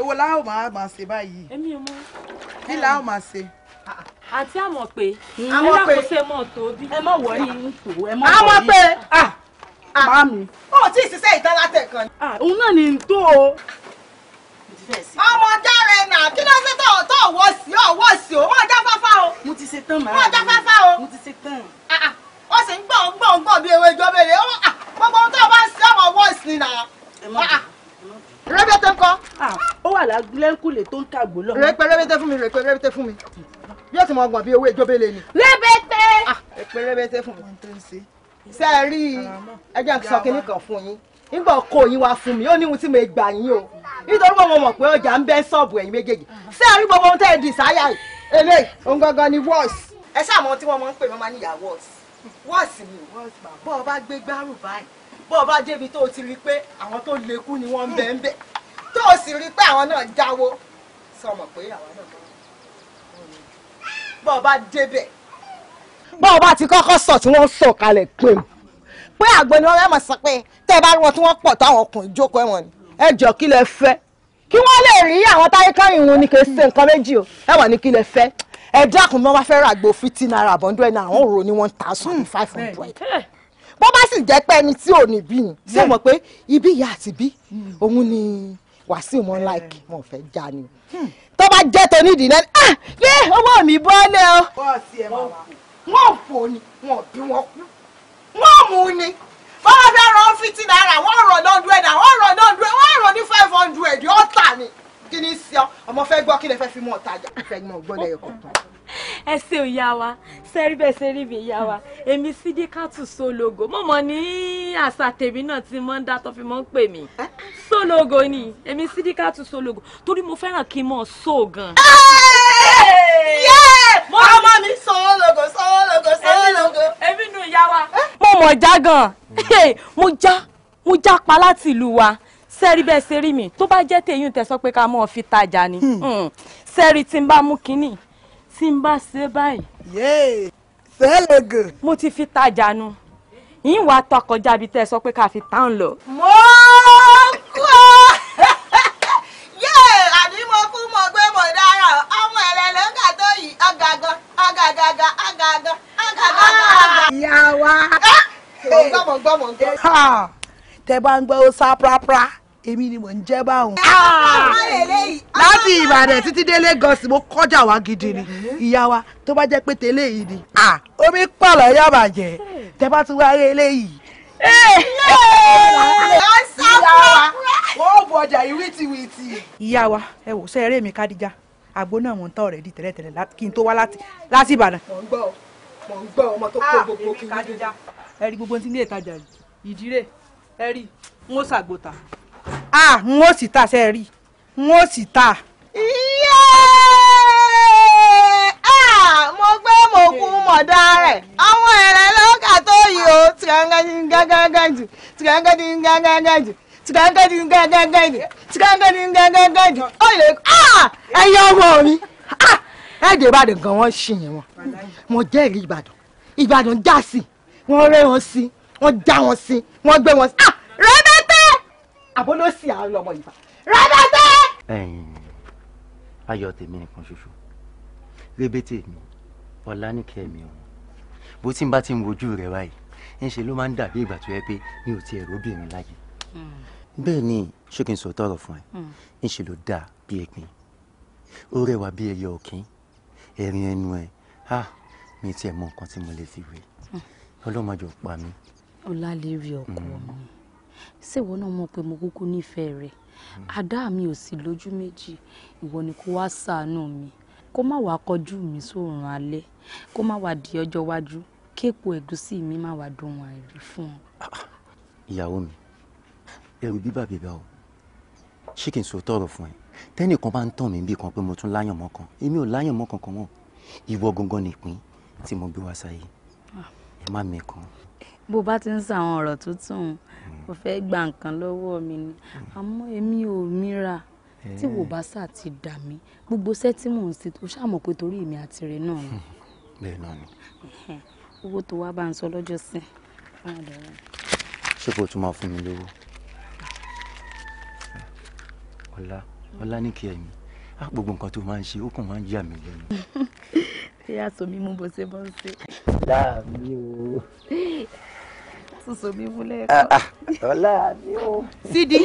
èwo la ó máa máa ṣe báyìí. èmi ò mọ. kí la ó máa ṣe. àti àmọ̀ pé alákòóso hmm. ẹ̀ mọ̀ tóbi. ẹ mọ̀ wọ̀nyí ń tò ẹ mọ̀ wọ̀nyí. àmọ̀ pé màá ah, ah. mi. ó tí ì ṣiṣẹ́ ìtàn látẹ̀kan. Ah, òun náà ni n o ọmọ dára ẹ̀nà kí ló ṣe tọ̀ tọ̀ wọ́ sí ọ wọ́ sí o wọ́n já fáfá o. mo ti ṣe tán màá wọ́n já fáfá o. mo ti ṣe tán. ó sì ń gbọ̀n gbọ̀n gbọ̀n bí ewé jọ bèrè gbogbo ohun tó bá ń ṣe ọmọ wọ́ sí nà rẹ́bẹ̀tẹ ńkọ́. ó wà lágbẹ́ńkùlé tó ń kàgbó lọ. rẹpẹ rẹbẹtẹ fún mi rẹpẹ rẹbẹtẹ fún mi yóò ti mọ ọgbọ̀n bíi owó ìjọbẹ̀lẹ̀ ni. rẹbẹtẹ. rẹpẹ rẹbẹtẹ fún mi. ṣé ẹ rí ẹjẹ sọ kínní kan fún yín nígbà ọkọ yín wá fún mi ó ní ohun tí mo gbà yín o nítorí wọn mọ̀ pé ọjà ń bẹ ṣọ́ọ̀bù ẹ̀yin méjèèjì ṣé ẹ rí gbogbo ohun tẹ́ ẹ dì sáyà yìí eléyìí ohun gangan ni wọ́ọ̀sì ẹ sáà mọ ohun tí wọ́n máa ń pè mọ́ máa níyà wọ́ọ̀sì wọ́ọ̀sì ni bọ́ọ̀ bá gbé gbárù báyìí bó o bá débi tó o ti rí i pé àwọn tó lékú ni wọ́n ń bẹ ń bẹ tó o sì rí i pé àwọn náà jáwọ́ sọmọ pé àwọn náà bó o bá débẹ̀. bó o bá ti kọ́kọ́ sọ tí wọ́n sọ kalẹ̀ pé pé àgbẹ̀ ni wọ́n fẹ́ mọ̀ sọ pé tẹ́ ẹ bá rí wọn tí wọ́n pọ̀ táwọn ọkùnrin jókòó ẹ̀wọ̀n ni ẹ jọ kí lẹ fẹ́ kí wọ́n lè rí àwọn táyé kẹ́yìn wọn ni kì í ṣe nǹkan méjì o ẹ̀wọ̀n ni kí lẹ fẹ́ ẹ dákun bí wọ́n fẹ́ ràgbò fifty naira àbọ̀ndọ́ ẹ̀ náà àwọn òrò ni wọ́n ta sọ́ọ̀mù five hundred bó bá sì jẹ́ pé ẹni tí ò ní bí ni ṣé mọ̀ pé ibi ìyá àti bí òun ni wàsíù mọ́ láìkì hmm. wọn ò fẹ́ já ni tó bá jẹ́ tóní náà ah pé owó mi bọ́lẹ̀ o. bọ́ọ̀sì ẹ̀ máa wà wọ́n fò ni wọ́n bí wọ́n kú wọ́n mú ni bọ́lá fẹ́ rán fifty naira wọ́n rán lọ́dún ẹ̀dá wọ́n rán lọ́dún ẹ̀ wọ́n rán ní five hundred ọ̀tà ni kí ni sí ọ ọmọ fẹ́ gbọ́ kí lè fẹ́ fi mọ́ ọ̀tajà fẹ́ gbọ́ gbọ́dọ̀ ẹ̀kọ́ ẹ ṣe ìyá wa sẹ́rí bẹ́ẹ̀ ṣe rí mi ìyá wa èmi Sídíkàtù sólógo mo mọ̀ ní àṣà tèmi náà tí mo ń dá tó fi mọ́ ń pè mí sólógo ni èmi Sídíkàtù sólógo torí mo fẹ́ràn kí n mọ̀ só gan. ọmọ mi sólógo sólógo sólógo. èmi nù ìyá wa. mo mọ̀ já gan mo já mo já pa láti ìlú wa sẹ́rí bẹ́ẹ̀ ṣe mi tó bá jẹ́ tèyún tẹ́ sọ pé ká mọ̀ fi tajà ni sẹ́rí hmm. hmm. tí n bá mú kínní tí n bá ṣe báyìí. yéè sẹ́lẹ̀gàn. mo ti fi tajà nu yín wàá tọ kọjá bíi ẹ sọ pé ká fi tán lọ. mo kọ́ yéè àbí mo kú mo gbé mo dára ọmọ ẹ̀rẹ̀lẹ̀ ń gàdó yìí agagan agagaga agagan agagaga. ìyá wa. Ah! mo gbọ́ mo gbọ́ mo gbọ́. tẹ bá ń gbọ́ ó sá prapra èmi ni mò ń jẹ́ báwọn. Ah! láti ìbàdàn títí dé Lagos mo kọjá wa gidi ni mm-hmm. ìyá wa tó bá jẹ́ pé tẹ́lẹ̀ yìí ni ah! omi pààlọ́ yóò bàjẹ́ tẹ bá tún wá rí eléyìí. wọ́n bọ̀jà ìyá wa ẹ wò sẹ́yìn eré mi Kádíjà àgbo náà mò ń tọ̀ rẹ̀ di tẹ́lẹ̀tẹ́lẹ̀ kí n tó wá láti Ìbàdàn. mò ń gbọ́ mò ń gbọ́ ọmọ tó kó ah! gbogbo kiri. ẹ rí gbogbo ní ilé ìtajà yìí ẹ rí n ó ṣàgbọ́ta ah n ó sì ta ṣe rí n ó sì ta. mo gbé mo kú mọ̀dá rẹ̀ àwọn ẹ̀rẹ̀ lọ́kà tó yìí o tìrẹ́ngẹ́dìngẹ́gẹ́gẹ́dì tìrẹ́ngẹ́dìngẹ́gẹ́gẹ́dì tìrẹ́ngẹ́dìngẹ́gẹ́gẹ́dì tìrẹ́ngẹ́dìngẹ́gẹ́gẹ́dì ó lè ẹ̀yin ọmọ mi ẹ̀ẹ́dẹ̀ ìbàdàn gan wọ́n ṣìyàn wọn mo jẹ́rìí ìbàdàn ìbàdàn já sí wọ́n rẹ́ wọn sí wọ́n já wọn sí wọ́n gbé wọn sí. rẹ́bẹ̀ àbólósì àárín ọmọ ìfà rẹpẹtẹ. ayọ̀ tèmi nìkan ṣoṣo rébétè mi ọ̀lànìkẹ́ mi ọ̀hún bó tí n bá ti ń wojú rẹ̀ báyìí ńṣe ló máa ń dàbí ìgbà tó yẹ pé mi ò tiẹ̀ róbìnrin láyé hmm. bẹ́ẹ̀ ni ṣé kí n sọ tọrọ fún ẹ hmm. ńṣe ló dáa bí ẹgbin ó rẹwà bí ẹyẹ ọ̀kín ẹ̀rín ẹnu ẹ̀ ha mi tiẹ̀ mọ nǹkan tí mo lè fi wé hmm. ọlọ́mọdé ò pa mí. ọlá lè rí ọkọ mi ṣèwọ náà mọ̀ pé mo kúkú nífẹ̀ẹ́ rẹ̀ àdá mi ò sì lójú méjì ìwọ ni kó wá ṣàánú mi kó má wàá kọjú mi sóòrùn alẹ́ kó má wàá di ọjọ́ iwájú kéèpo ẹ̀gúsí mi má wàá dohun àìrí fún ọ. ìyàwó mi ẹrù bíbà bíbá o ṣé kí n sọ tọrọ fún ẹ tẹnìkan bá ń tàn mí bí kan pé mo tún láyàn mọ́ kan èmi ò láyàn mọ́ kankan mọ́ ìwọ gangan nìpín tí mo gbé wá sáyé ah. ẹ má mẹ́kan. bó bá ti ń sàwọn ọ̀rọ̀ tuntun ó mm. fẹ́ gba nǹkan lọ́wọ́ mi ni mm. àmọ́ èmi ò mira tí wò bá sà ti dà mí gbogbo iṣẹ́ tí mò ń ṣe tó ṣàmọ̀ pé torí èmi àti rẹ̀ náà ni. bẹ́ẹ̀ náà ni. owó tó wá bá ń sọ lọ́jọ́ sí ṣé kò tún máa fún mi lówó ọlá ọlá ní kí ẹ̀yin á ah, gbogbo nǹkan tó máa ń ṣe ó kàn máa ń yà mí lẹ́nu. bí a sọ mi mú bó ṣe láàmì o. sùsù mi mú lẹ́ẹ̀kan. Ah, ah, ọ̀la mi ò. sídi.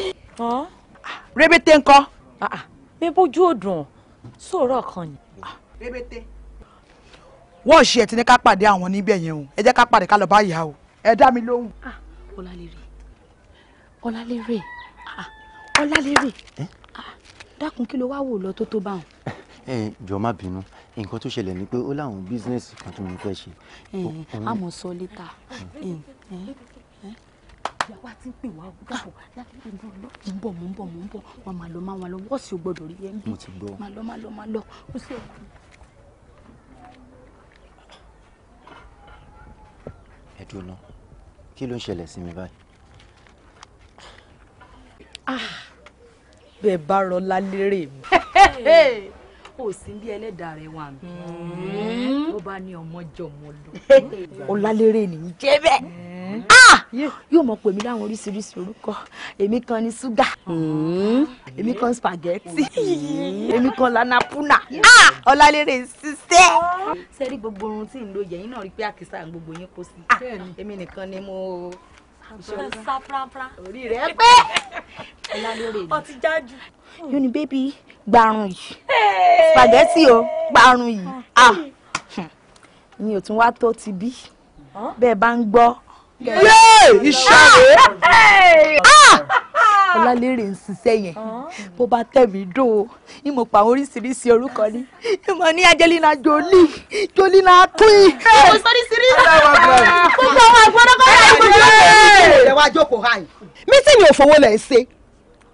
rébété ńkọ́. Ah, mi bójú òdùn sọ̀rọ̀ kan ni. rébété. wọ́n ṣe ẹ̀ tí ní ká pàdé àwọn níbẹ̀ yẹn o ẹ jẹ́ ká pàdé ká lọ bá yà o ẹ dá mi lóhùn. ọ̀làlérè ọ̀làlérè ọ̀làlérè dákun kí ló wá wò lọ tó tó báwọn. ẹ eh, jọ má bínú nǹkan tó ṣẹlẹ̀ ni pé ó láwọn bísínẹ́sì kan tó máa fẹ́ ṣe. àmọ́ sọ lẹ́tà ìyàwó àti pè wá gbàgbọ́ láti lè mú lọ mú bọ̀ mú bọ̀ mú bọ̀ wọn máa lọ máa wọn lọ wọ́ọ̀sì ò gbọ́dọ̀ rí ẹ̀mí máa lọ máa lọ máa lọ ó sì ẹ̀kú. ẹ dúró náà kí ló ń ṣẹlẹ̀ sí mi báyìí. Ah, bẹ́ẹ̀ bá rọ lálérè mi kò sí bí ẹlẹ́dàá rẹ̀ wà mí hmm. ló bá ní ọmọ jọmọ lọ. ọlálérè nìyí jẹ́ bẹ́ẹ̀ hmm. ah! yóò mọ pèmí láwọn oríṣiríṣi orúkọ èmi kan ní ṣúgà hmm. èmi kan spaghetti èmi kan lanapuna ah! ọlálérè ṣiṣẹ́. sẹ́rí gbogbo ohun tí ń lo yẹ̀yìn náà rí pé àkísà gbogbo yín kó sí ah! èmi nìkan ni mo sá prapra orí rẹ pé ọlálérè ni. ọtí jájú yóò ní bébí gbarun yìí spaghetti o gbarun yìí ah, ah. Hmm. mi ò tún wá tó ti bí bẹ́ẹ̀ bá ń gbọ́. yéé ìṣàlẹ̀ ah! ah! ọlálérè ń ṣiṣẹ́ yẹn bó bá tẹ̀mí dùn ó ní mo pa àwọn oríṣiríṣi orúkọ ni mo ní Angelina Jolie Jolina twin. mo sọ ní sírí gbogbo àwọn àgbọ̀dọ́gbọ̀dọ́ àgbọ̀dọ́. ẹ wá jókòó hàn. mítìnì òfowó lẹ̀ ń ṣe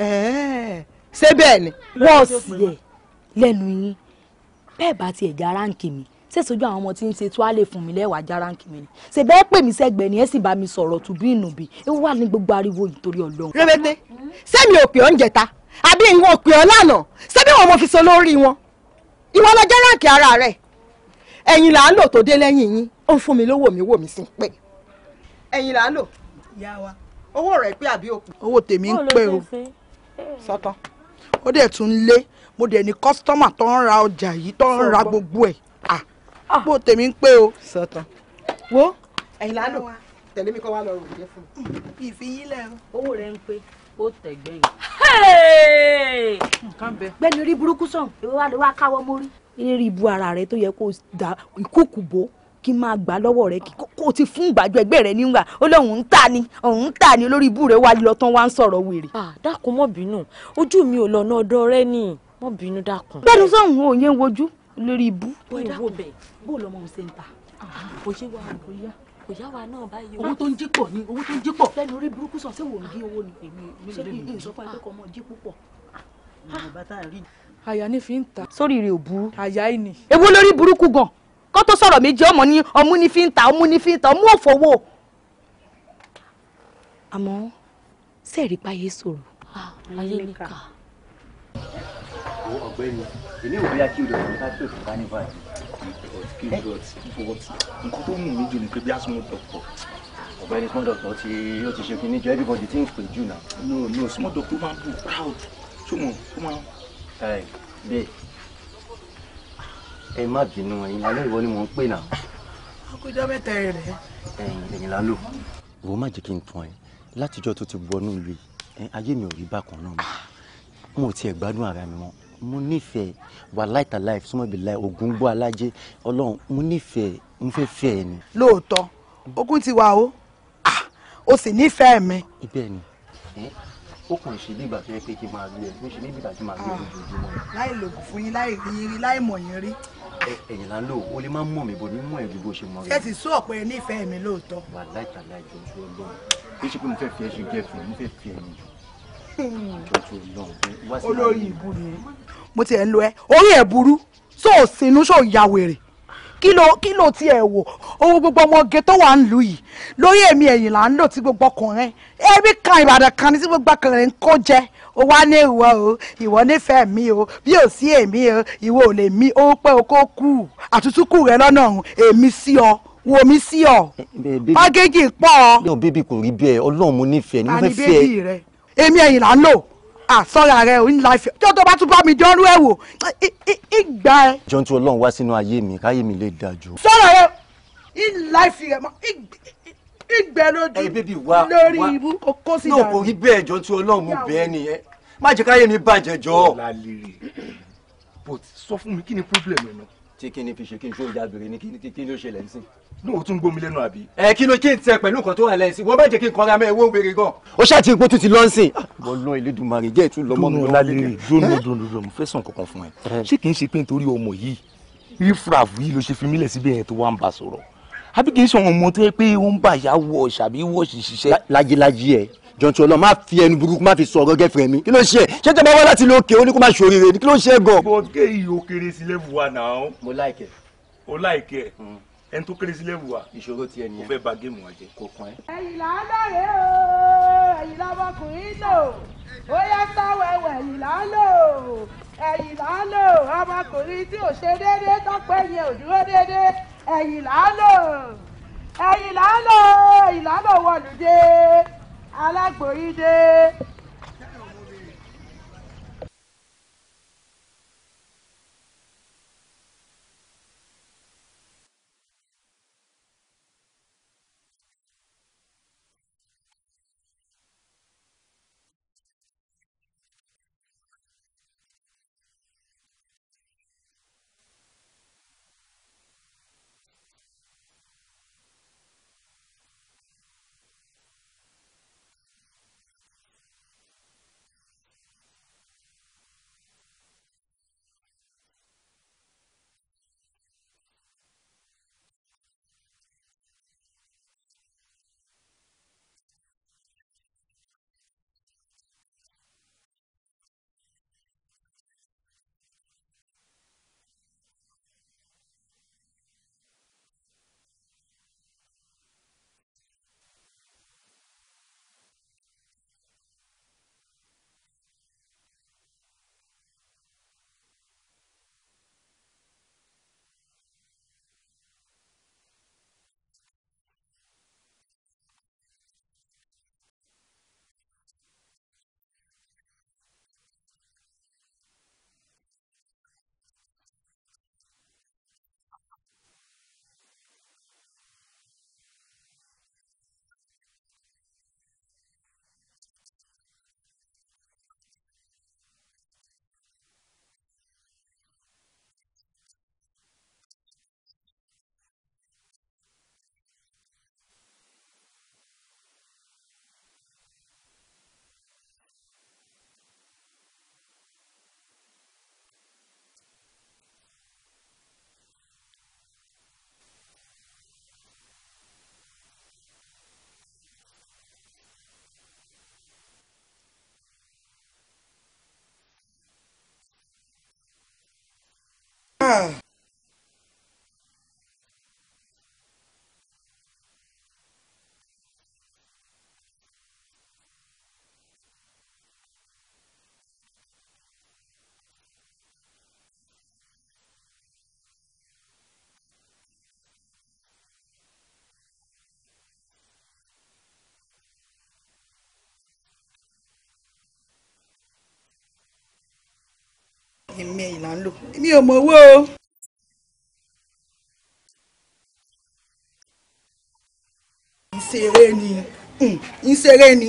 ṣé bẹ́ẹ̀ ni. wọ́ọ̀sì ẹ̀ lẹ́nu yín bẹ́ẹ̀ bá tiẹ̀ já ráǹkì mi ṣé sojú àwọn ọmọ tí ń ṣe tó á lè fún mi lẹ́wàá já ráǹkì mi ni ṣe bẹ́ẹ̀ pè mí sẹ́gbẹ̀ẹ́ ni ẹ sì bá mi sọ̀rọ̀ tù bí ìnùbí ẹ wà ní gbogbo ariwo ìtorí ọlọ́run. rẹpẹtẹ sẹ́mi ò pè ọ́ ń jẹta àbí ìwọ ò pè ọ́ lánàá sẹ́mi wọn mo fi so lórí wọn ìwọ lọ já ráǹkì ara rẹ ẹ̀yin là ń lò tó dé lẹ́yìn yín ó ń fún mi lówó mi wò mí sí pé ẹ̀yin là ń lò owó rẹ̀ pé àbí òkú owó tèmi ń pè o sọ́tàn ó dẹ̀ tún lé mo dẹ̀ ní kọ́sítọ́mà tó ń ra ọjà yìí tó ń ra gbogbo ẹ̀ à ah. bó tèmi ń pé o sọ́tàn wo ẹ̀yin lánàá wa tẹ̀lé mi kọ́ wa lọ rò jẹ́ fún mi. ìfiyílẹ̀ owó rẹ̀ ń pé ó tẹ̀gbẹ́yìn. nǹkan bẹ. gbẹ́ni rí burúkú sàn ìwé wa lè wá káwọ́ mórí. eré ibu ara rẹ tó yẹ kó da ìkúùkù bò kí n máa gbà lọ́wọ́ rẹ kó o ti fún ìgbàjọ ẹgbẹ́ rẹ nígbà ó lóun ń tà ní òun ń tà ní olórí ibú rẹ wá lọ tán wá ń sọ̀rọ̀ wèrè. dákun mọ́ bínú ojú mi ò lọ́nà ọ̀dọ̀ rẹ ni mọ́ bínú dákun. gbẹ́dùn sọ̀hún ò yẹn wojú lórí ibú. bó o lọmọ òun ṣe ń ta ah, kò ṣe wà kò yá kò yá wa náà báyìí. owó tó ń jí pọ̀ ni owó tó ń jí pọ̀. lẹ́nu orí burúkú sọ sí wòlíì owó ni. ṣé ìsọfún akẹ́kọ̀ọ́ ọmọ jí púpọ̀ àyà ní fi ń ta. sórí rẹ̀ ò burú. àyà ẹni. èwo lórí burúkú gan kó tó sọ̀rọ̀ méjì ọmọ ní ọmú ní fi ń ta ọmú ní fi ń ta ọmú òfowó. àmọ́ sẹ́ẹ̀rí páyé sọ̀rọ̀ ayé mi ah, kà. ọ̀gbẹ́ni èmi ò bóyá eh? kí o dọ̀tí ká pè fún kánífà kí o dọ̀tí nǹkan tó mú mi jù ní pé bí a small doctor ọ̀gbẹ́ni small doctor ti ó ti ṣe kíní jọ everybody ti ń pè jù náà no no small doctor ó máa ń bù proud ṣùgbọ́n ó máa ń. ẹ bẹ́ẹ̀ ẹ má bínú ẹ̀yin lálẹ́ ìwọ ni mò ń pè náà. akójọ mẹ́ta ẹ rẹ. ẹ̀yin ẹ̀yin lálò wo má jẹ́ kí n tún ẹ látijọ́ tó ti wọnú ìlú yìí ayé mi ò rí bákan náà mọ́ mo tiẹ̀ gbádùn ara mi mọ́ mo nífẹ̀ẹ́ wà láìta láìf súnmọ́ ibi láì ogun gbọ́ alájẹ́ ọlọ́run mo nífẹ̀ẹ́ mo fẹ́ fẹ́ ẹ ni. lóòótọ́ ogun ti wà o ó ah, sì nífẹ̀ẹ́ mi. ibẹ̀ ni ó kàn ṣe bí ìgbà tó yẹ pé kí n máa gbé ẹ ó ṣe níbi ìgbà tí màá gbé ẹ ah, lójoojúmọ́. láì lò fún yín láì rí yín rí láì mọ̀ yín rí. ẹ̀yin là ń lò ó lè má mọ̀ mí bò ní mọ̀ ẹ̀ ju bó ṣe mọ̀ rí. ẹ sì sún ọ̀pẹ nífẹ̀ẹ́ mi lóòótọ́. wà láìka láìjọ ojú ọlọ́run kí ṣe pé mo fẹ́ fi ẹṣin jẹ fún mi mo fẹ́ fi ẹyin jù. olórí ìbú ni mo ti ẹ̀ lo ẹ orí ẹ̀ burú sóòsínú sóòyàwèrè kí ló kí ló wò owó gbogbo ọmọge tó wà ń lù yìí lórí èmi ẹ̀yìn là ń lò tí gbogbo ọkùnrin ẹbí kan ìbàdàn kan ní tí gbogbo ọkùnrin ń jẹ ó wá ní ìwọ o ìwọ nífẹ̀ẹ́ mi o bí ò sí èmi o ìwọ ò lè mí ó pẹ́ o kó kú àtútúkù rẹ lọ́nà ọ̀hún èmi sí ọ wo mi sí ọ ọgẹ́jì pọ̀ ọ. bébí kò rí bẹ́ẹ̀ ọlọ́run mo nífẹ̀ẹ́ ni mo fẹ́ fẹ́ èmi ẹ̀yìn là ń lò àsọ̀rọ̀ rẹ ò ń la ìfẹ́ tó tó bá tún bá mi dánrú ẹ̀ wò ìgbà ẹ. jọ́n tí ọlọ́run wá sínú ayé mi káyé mi lè dáa jù. sọ̀rọ̀ rẹ ń la ìfẹ́ rẹ mọ́ ìgbẹ́ lójú lórí ibú kókó sí ìdàrú. náà kò rí bẹ́ẹ̀ jọ́n tí ọlọ́run mú bẹ́ẹ̀ nìyẹn má jẹ́ káyé mi bàjẹ́ jọ. but sọ fún mi kí ni problem ẹ̀ náà. tí kí ni fi ṣe kí n ṣó ìjà bèrè ni kí ni ó ṣẹlẹ̀ ń lóò tún gbomi lẹ́nu àbí. ẹ kí ló kí n tẹ pẹ̀lú nǹkan tó wà lẹ́yìn sí wọ́n bá jẹ́ kí n kọ́ra mẹ́ ewé wèrè gan. ó ṣáàtì ipò tún ti lọ sí. wọ́n lọ Elédùmarè jẹ́ ìtú lọ́mọ mi lọ́wọ́ kékeré. dúró dúró dúró mo fẹ́ sàn kankan fún ẹ. ṣé kì í ṣe pé nítorí ọmọ yìí rifraf yìí ló ṣe fi mílẹ̀ síbẹ̀ yẹn tó wá ń bá sọ̀rọ̀ àbí kì í ṣe ọmọ tó yẹ pé ó ń bà yá wọ̀ ṣàbí wọ̀ ṣiṣẹ́. lájílájí ẹ jọ̀ǹtì ọlọ́ máa fi ẹnu burúkú máa fi sọ ọ̀rọ̀ gẹ́fẹ̀rẹ̀ mi kí ló ṣe ṣé tẹ́ bá wá láti ilé òkè ó ní kó máa ṣòrire ni kí ló ṣe gan. bọ́ọ̀dù kéyìí ó kéré sí level wa náà. mo láìkẹ́. o láìkẹ́. Hmm ẹni tó kéré sí lẹ́wù wa ìṣòro tiẹ̀ nìyẹn kò fẹ́ ba géèmù wa jẹ. kò kàn ẹ́. ẹ̀yìn là ń o ẹ̀yìn lọ́mọkùnrin lò ó yẹ sáwẹ̀wẹ̀ ẹ̀yìn là ẹ̀yìn là ọmọkùnrin tí ò ṣe déédéé tọ́pẹ́ yẹn ò dúró déédéé ẹ̀yìn là ẹ̀yìn là ẹ̀yìn là ń alágbòyídé Ah. là ń lò mi ò mọ̀ owó o. ìṣeré ni ìṣeré ni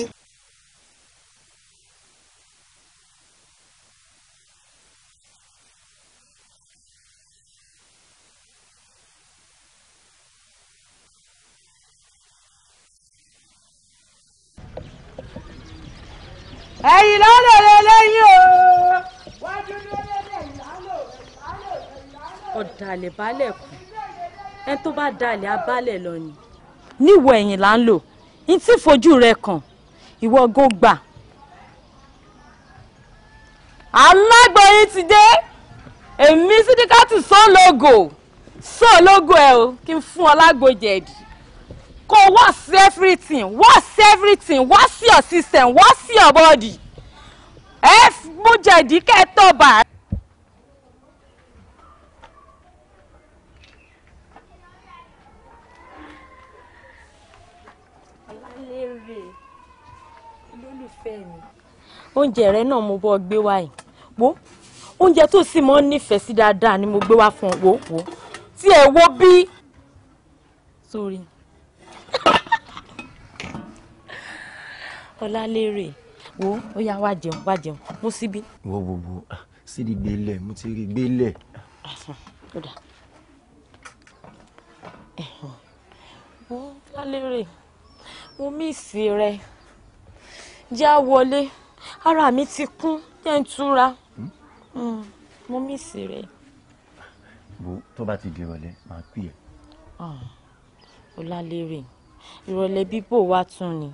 àlè balẹ̀ kù ẹni tó bá da àlè lọ ni. níwọ̀ ẹ̀yìn là ń lò ní tí fojú rẹ kàn ìwọ gan gbà. alágbo ti dé èmi sídíkàtì sọ́ọ̀lọ́gò sọ́ọ̀lọ́gò ẹ̀ o kí n fún ọ lágbo jẹ̀dì kó wọ́ọ̀sì everything wọ́ọ̀sì everything wọ́ọ̀sì your wọ́ọ̀sì your ẹ mú jẹ̀dí kẹ́ẹ̀ tọ̀ oúnjẹ rẹ náà mo bọ́ gbé wá yìí wo oúnjẹ tó sì mọ́ nífẹ̀ẹ́ sí dáadáa ni mo gbé wá fún wo wo tí ẹ wo bí. sorry ọlálérè wo ó yá wá jẹun wá jẹun mú síbí. wo wo wo ah, sídi gbélé mo ti rí gbélé. wo ọlálérè mo mí ìsì rẹ já wọlé ara mi ti kún jẹ́ ń túra hmm? Hmm, mo mísì rẹ̀. wo tó bá ti di ìrọ̀lẹ́ máa pè é. ọ̀làlérè ah, ìrọ̀lẹ́ bíbò wa tún ni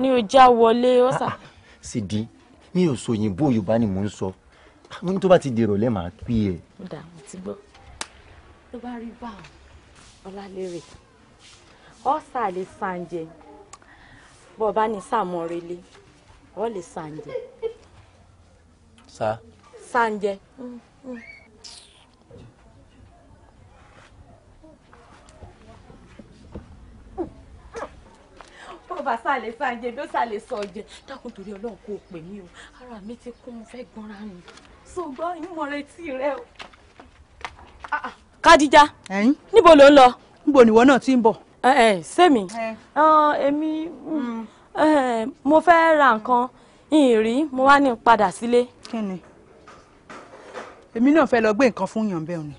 ni o já wọlé ó sà. Ah, sì di mi ò sọ òyìnbó yorùbá ni mò ń sọ ní tó bá ti di ìrọ̀lẹ́ máa pè é. ó dà mo ti gbọ́ tó bá rí bá ọ̀làlérè ọ̀sà lè sàǹjẹ bọ́ọ̀ bá ní sàmọ́rẹ́lẹ́ wọ́n lè Sanje? sa. Sanje. bàbá sá lè sànjẹ bí ó sá lè sọ jẹ dákun torí Ọlọ́run kò pè mí o ara mi ti kún mo fẹ́ gbọ́nra mi ṣùgbọ́n ìmọ̀rẹ́tì rẹ o. Ah, ah. Kádíjà níbo ló ń lọ. níbo nìwọ náà ti ń bọ̀. ẹ ẹ sẹ́mi èmi. Mm, mm mo fẹ́ ra nǹkan ìrìn mo wá ní padà sílé. kí ni èmi náà fẹ́ lọ gbé nǹkan fún yàn bẹ́ẹ̀ ni.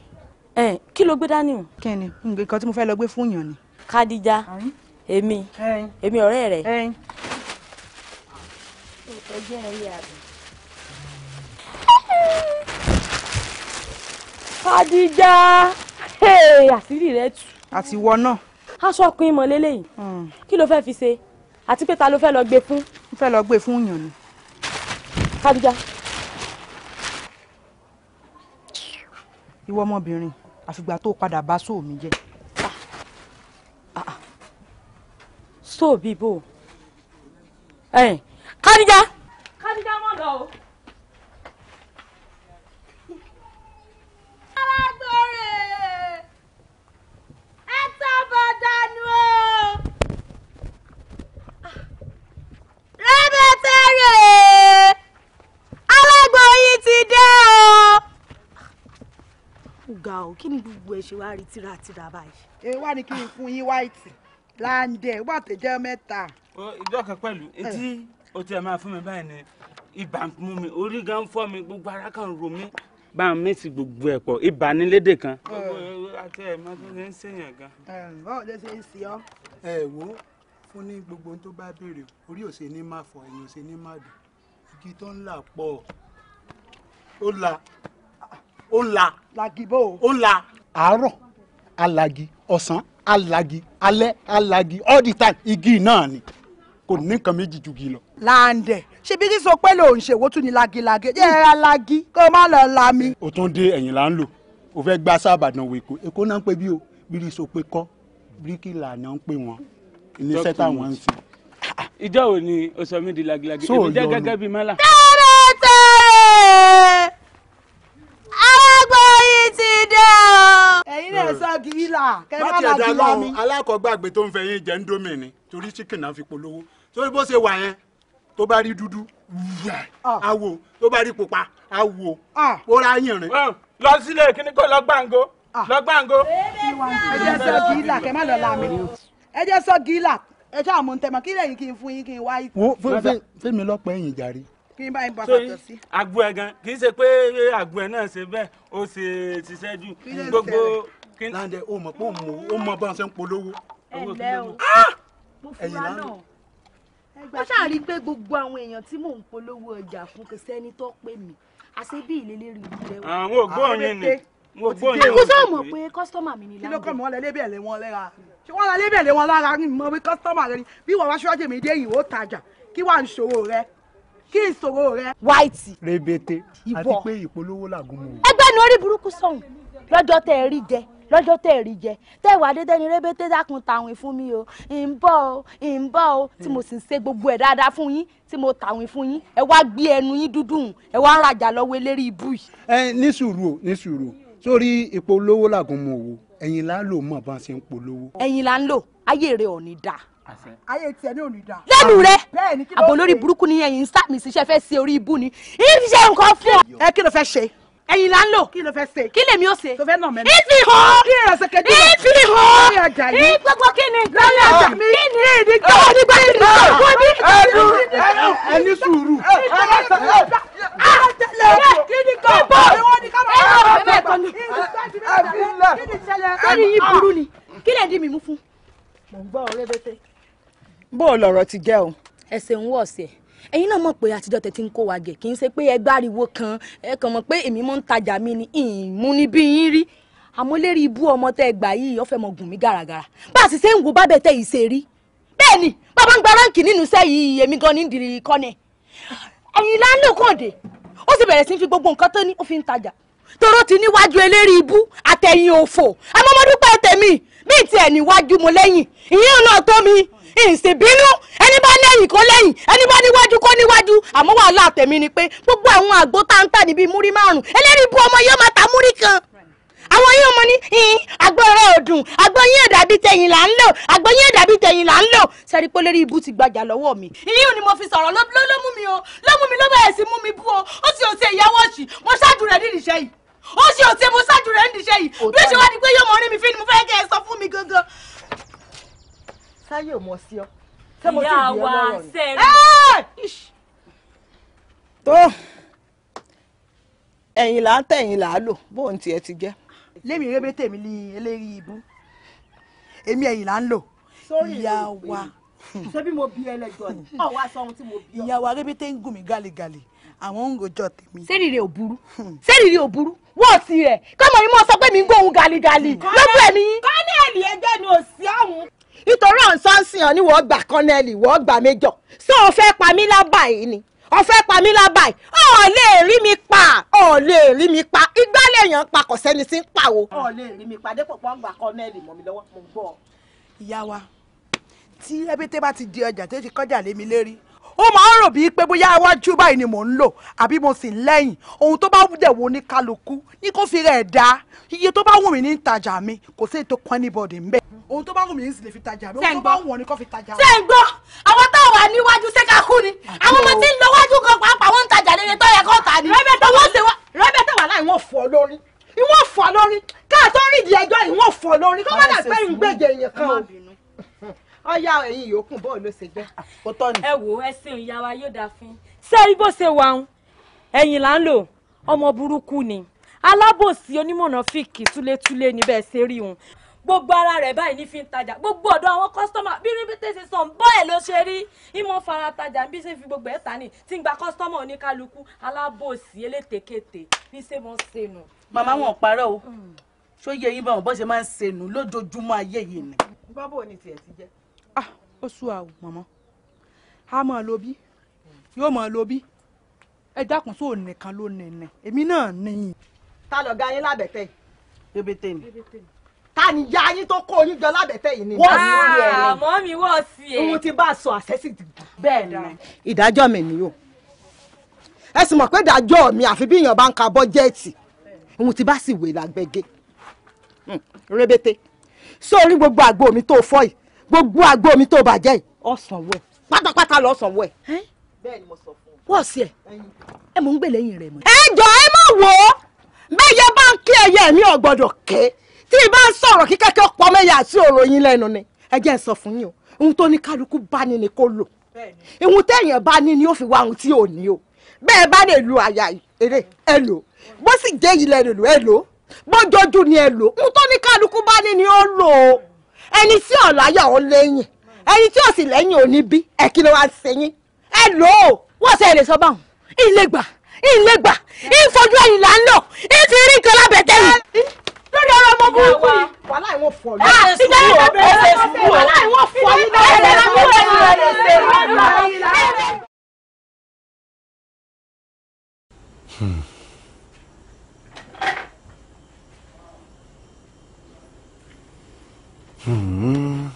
ẹ kí ló gbé dání o. kí ni nǹkan tí mo fẹ́ lọ gbé fún yàn ni. Kadija èmi èmi ọ̀rẹ́ rẹ̀. ọjọ́ ẹ rí àbí. Kadija àṣírí rẹ tù. àtiwọ náà. aṣọ ọkùnrin mọ̀ lélẹ́yìí hmm. kí ló fẹ́ fi ṣe àti pé ta ló fẹ́ lọ gbé fún. mo fẹ́ lọ gbé fún yàn ni. Khadija. ìwọ ọmọbìnrin àfìgbà tó padà bá sóò mi jẹ. Ah. Ah, ah. sóò bíbò. Khadija. Khadija mọ̀ lọ o. o kí ni gbogbo ẹ ṣe wá rí tíratíra báyìí. ẹ wá ní kí n fún yín wáìtì láńdẹ wà tó jẹ mẹ́ta. ìjọ kan pẹ̀lú eh. etí o ti ẹ̀ máa fún mi báyìí ni ibà mú mi orí gan fọ́ mi gbogbo ara kan ro mi. bá a mẹ́sì gbogbo ẹ̀ pọ̀ ibà ní lédè kan. Eh. àti ẹ̀ máa tó ṣe ń ṣèyàn gan. Eh, báwo ló ṣe ń ṣe ọ́. ẹ wo fún ní gbogbo ohun tó bá béèrè orí ò ṣe ní má fọ ẹ̀yìn ò ṣe ní má dùn igi tó ń là pọ̀ ó la ó la. lagi bó o. ó ń la. àárọ̀ alagi ọ̀sán alagi alẹ́ alagi all the time igi náà ni kò ní nǹkan méjì ju gi lọ. láǹdẹ̀ ṣebí kí pé lòun ṣèwọ́ tún ni lagilage jẹ́ ẹ̀ra lagi kó o má lọ la mi. o tún dé ẹ̀yìn là ń lò o fẹ́ gba sábàdàn wo èkó èkó náà ń pè bí o bírí so pé kọ́ bíríkìlà náà ń pè wọ́n iléeṣẹ́ táwọn ń sìn. ìjọ wo ni o sọ mi di lagilage èmi jẹ́ gẹ́gẹ́ bíi mọ́là. ẹ̀yin náà eh, sọ kìlà kẹ́kọ̀ọ́ máa kìlà mi. alákọ̀ọ́gbàgbé tó ń fẹ́ yín jẹ́ ń dómì ni torí chicken náà fi polówó torí bó ṣe wà yẹn tó bá rí dúdú ah. awo tó bá rí pupa awo ah. ó rà yìnrín. lọ sílé kíní kó lọ gbàǹgó ah. lọ gbàǹgó. ẹ jẹ́ sọ kìlà kẹ́ má lọ la mi ẹ jẹ́ sọ kìlà ẹ ṣáà mú un tẹ̀mọ́ kí lẹ́yìn kí n fún yín kí n wáyé. wo fún mi lọ́pọ̀ ẹ̀yìn jàre kí n bá yín bọ àkàtọ̀ sí. àgbo ẹ̀ gan kì í ṣe pé àgbo ẹ̀ náà ṣe bẹ́ẹ̀ ó ṣe ṣiṣẹ́ jù gbogbo. láǹdẹ̀ ó mọ̀ pé ó mọ bá ń ṣe ń polówó. ẹ lẹ́ o mo fura náà ó ṣàrí pé gbogbo àwọn èèyàn tí mò ń polówó ọjà fún kò sẹ́ni tó pè mí àṣé bí ìlélẹ́ rí ibi rẹ wá. àwọn ògbóyin ni mo gbóyin ni. kó sọ mọ̀ pé kọ́sítọ́mà mi ni láǹdẹ̀. kí ló kọ́ mọ́ lẹ lébẹ̀ lé wọn lára ṣé wọ́n lọ lébẹ̀ lé wọn lára mọ̀ pé kọ́sítọ́mà rẹ ni bí wọ́n wá ṣọ́jà mi dé yìí ó tajà kí wàá ń ṣòwò rẹ kí ìṣòro rẹ. white. rebete àti pé ìpolówó làgùn mọ. ẹgbẹ́ ni orí burúkú sọ̀hún lọ́jọ́ tẹ́ ẹ rí jẹ lọ́jọ́ tẹ́ ẹ rí jẹ tẹ́ ẹ dédé ni rebete dákun tàwìn fún mi o ń bọ̀ o ń bọ̀ o tí mo sì ń ṣe gbogbo ẹ̀ dáadáa fún yín tí mo tàwìn fún yín ẹ wá gbé ẹnu yín dúdùn ẹ wá rajà lọ́wọ́ eléré ibú yìí. ní sùúrù o ní sùúrù o sórí ìpolówó làgùn mọ òwò ẹ̀yìn là ń lò mọ̀ bá ṣe ń polówó. ẹ̀yìn là ń lò ayé rẹ̀ ò ní dáa ayé tiẹ̀ ní òní da. lẹ́nu rẹ àbò lórí burúkú ni ẹ̀yin sá mi ṣiṣẹ́ fẹ́ ṣe orí ibú ni ìṣe nǹkan fún ọ. ẹ kí ló fẹ́ ṣe ẹ̀yin là ń lò kí ló fẹ́ ṣe kí lèmi ó ṣe ìfi hàn ìfi hàn ìgbọ́gbọ́ kí ni gbọ́dọ̀ kí ni ìdíjọ́ nígbà tí mo kọ́ ní. ẹnu ẹni sùúrù. kí lè di mi mú fún. mo ń gbọ́ ọ̀rẹ́ bẹ́tẹ̀ bó o lọ̀rọ̀ ti jẹ́ o. ẹsẹ̀ ń wọ̀ ọ̀sẹ̀ ẹ̀yin náà mọ̀ pé àtijọ́ tẹ̀ ti ń kó wa gẹ̀ kì í ṣe pé ẹ gbáriwo kan ẹ kàn mọ̀ pé èmi mọ̀ ń tajà mi ni ìmú ni bí yín rí àmọ́ lérí ibú ọmọ tẹ́ ẹ gbà yìí ọ̀fẹ́ mọ̀ gùn mí gàràgàrà bá a sì ṣe ń wo bábẹ́ tẹ́ yìí ṣe rí bẹ́ẹ̀ ni bàbá ń gba ránkì nínú iṣẹ́ yìí èmi gan ní ìdìrí kọ́ni ẹ̀yin lánàá kàn dé ó sì bẹ̀rẹ̀ sí fi gbogbo nǹkan tó ní ó fi ń tajà toro ti níwájú eléri ibú àtẹ̀yìn òfò amọ́mọ́dúpẹ́ tèmi bíi tiẹ̀ níwájú mo lẹ́yìn ìyẹn náà tó mi ìsìnbínú ẹni bá lẹ́yìn kó lẹ́yìn ẹni bá níwájú kó níwájú àmọ́ wàhálà tèmi ni pé gbogbo àwọn àgbo tá ń tà níbi múrí márùn ẹlẹ́rìí bu ọmọ yóò máa ta múrí kan àwọn yóò mọ ní agbọ́rọ̀ ọ̀dùn agbọ́yìn ẹ̀dà bíi tẹ̀yìn là ń lò agbọ́yìn ẹ̀dà bíi tẹ̀yìn là ń lò sẹ́rí pé lórí ibú ti gbajà lọ́wọ́ mi. ìyíò ni mo fi sọ̀rọ̀ ló ló mú mi o ló mú mi ló bẹ̀rẹ̀ sí mú mi bú o ó sì ò sí ìyàwó ọ̀sì mo ṣáàdù rẹ̀ nídìí iṣẹ́ yìí ó sì ò sí mo ṣáàdù rẹ̀ nídìí iṣẹ́ yìí bí ó ṣe wá di pé yóò mọ orí mi fi ni mo fẹ́ kẹ́ ẹ sọ fún mi gangan sáyé ò mọ̀ sí ọ. ìyá wa sẹ́ẹ̀rì. tó ẹ̀yìn là ń tẹ̀yìn là á lò bóun tiẹ̀ ti jẹ́. lémi rébé tèmi ní eléyìí ibú èmi ẹ̀yìn là ń lò ìyá wa ṣebí mo bí ẹlẹjọ ni ọ hmm. wá sọ ohun tí mo bí ọ. ìyàwó arébété ń gùn mí gàlégàlé àwọn ń rojọ́ tèmi. sẹ́rìrì ò burú hmm. sẹ́rìrì ò burú wọ́n ti rẹ̀ kọ́mọ yìí mọ́ sọ pé mi ń gbóhùn gàlégàlé lọ́gbọ́ ẹ̀mí. kọ́nẹ́ẹ̀lì ẹgbẹ́ ni ò sí ọ̀hún nítorí ọ̀nsánsìn ọ̀ ni wọ́n gbà kọ́nẹ́ẹ̀lì wọ́n gbà méjọ̀ ṣé o fẹ́ pa mí lábà yìí ni o fẹ́ pa mí lábà yìí ọ̀ lè rí mi pa ọ̀ lè rí mi pa igbá lèèyàn pa kò sẹ́ni sí ń pa o. ọ̀ lè rí mi pa dépò pọ̀ ń gbà kọ́nẹ́ẹ̀lì mọ́ mi lọ́wọ́ mo gbọ́. ìyá wa tí ẹbẹ́tẹ́ bá ti di ọjà tó ti kọjá lé mi lérí ó máa ń rò bíi pé bóyá iwájú báyìí ni mò ń lò àbí mo sì ń lẹ́yìn ohun tó bá dẹ̀ wo ní kálukú ní kó fi rẹ̀ dá iye tó bá wù mí ní ìtajà mi kò sí ètò kan anybody ń bẹ̀ ohun tó bá wù mí yín sì lè fi tajà mi ohun tó bá wù wọn ni kò fi tajà. ṣé ń gbọ́ àwọn tó wà níwájú ṣé ká kú ni àwọn ọmọ tí ń lọ wájú kan pàápàá wọn ń tajà lẹ́yìn tó yẹ kó tà ní. rẹ́bẹ̀tà wà láì wọ́n fọ́ lórí ìwọ́n fọ́ lórí káàtó rìndì ẹjọ́ ìwọ́n fọ́ lórí kó má dà pé ń kan o ọyá ẹ̀yin yòókù bọ́ọ̀ ló ṣe gbẹ́. òótọ́ ni. ẹ wo ẹsìn alábòsí onímọ̀nà fíìkì túlétúlé níbẹ̀ ṣe rí òun gbogbo ara rẹ̀ báyìí ní fi ń tajà gbogbo ọ̀dọ̀ àwọn kọ́sítọ́mà bí rìbìtì ṣe sàn bọ́ ló ṣe rí ìmọ̀ fara tajà bí ṣe fi gbogbo ẹ̀ ta ni tí ń gba kọ́sítọ́mà oníkálukú alábòsí elétekéte ní ṣé wọ́n màmá wọn parọ́ o hmm. ṣó yẹ yín báwọn bó ṣe máa ń ṣe lójoojúmọ́ ayé yìí ni. bábò ni tiẹ̀ ti jẹ́. ah ó sú àwọ̀ màmá a máa lo bí yóò máa lo bí ẹ dákun sóò nìkan ló nìyẹn èmi ga yín lábẹ́tẹ̀ yìí ta ni ya yín tó kó oyún jọ lábẹ́tẹ̀ yìí ni. wọ́n sí ẹ̀ àmọ́ mi wọ́n sí ẹ̀. ohun tí bá a sọ àṣẹ́sì dìgbà. bẹ́ẹ̀ ni ìdájọ́ mi nìyó ẹ sì mọ̀ pé ìdájọ́ mi àfi bí èèyàn bá ń ka bọ́jẹ́ẹ̀tì ohun tí bá sì wè lágbẹ́gẹ́ hmm, rébété sórí gbogbo àgbo mi tó fọ́ yìí gbogbo àgbo mi tó bàjẹ́ yìí ọ̀sánwó ẹ̀ pátápátá lọ ọ̀sánwó ẹ̀. wọ́n sí ẹ̀ ẹ mò ń gbè lẹ́yìn rẹ̀ mọ́. ẹ jọ ẹ má wò ó bẹ́ẹ̀ yẹ bá ń kí ẹyẹ mi ò gbọ́dọ̀ tí ì bá ń sọ̀rọ̀ kí kẹ́kẹ́ ọ̀pọ̀ mẹ́yà sí ọ̀rọ̀ yín lẹ́nu ni ẹ jẹ́ ń sọ fún yín o ohun tó ní kálukú bá ní ni kó lò ìhun téèyàn bá ní ni ó fi wá ohun tí ò ní o bẹ́ẹ̀ bá lè lu àyà eré ẹ lò bó sì jẹ́ ilẹ̀ lò ẹ lò bójoojú ni ẹ lò ohun tó ní kálukú bá ní ni ó lò o ẹni tí ọ̀láyà ó lẹ́yìn ẹni tí òsì lẹ́yìn ò bí ẹ kí ló wá sẹ́yìn ẹ lò ó wọ́n sẹ́ lè sọ báwọn ìlẹ́gbà ìlẹ́gbà ìfojú ẹ̀yìn là ń lọ ìfi rí kan lábẹ́tẹ́yìn ọ̀rọ̀ ọmọ burúkú yìí. wàhálà ìwọ̀n fọ ah, yìí. ẹ ṣe sùúrù o ẹ ṣe sùúrù o wàhálà ìwọ̀n fọ yìí náà. ẹ ṣe sùúrù o ẹ ṣe sùúrù o. Hmm. Hmm.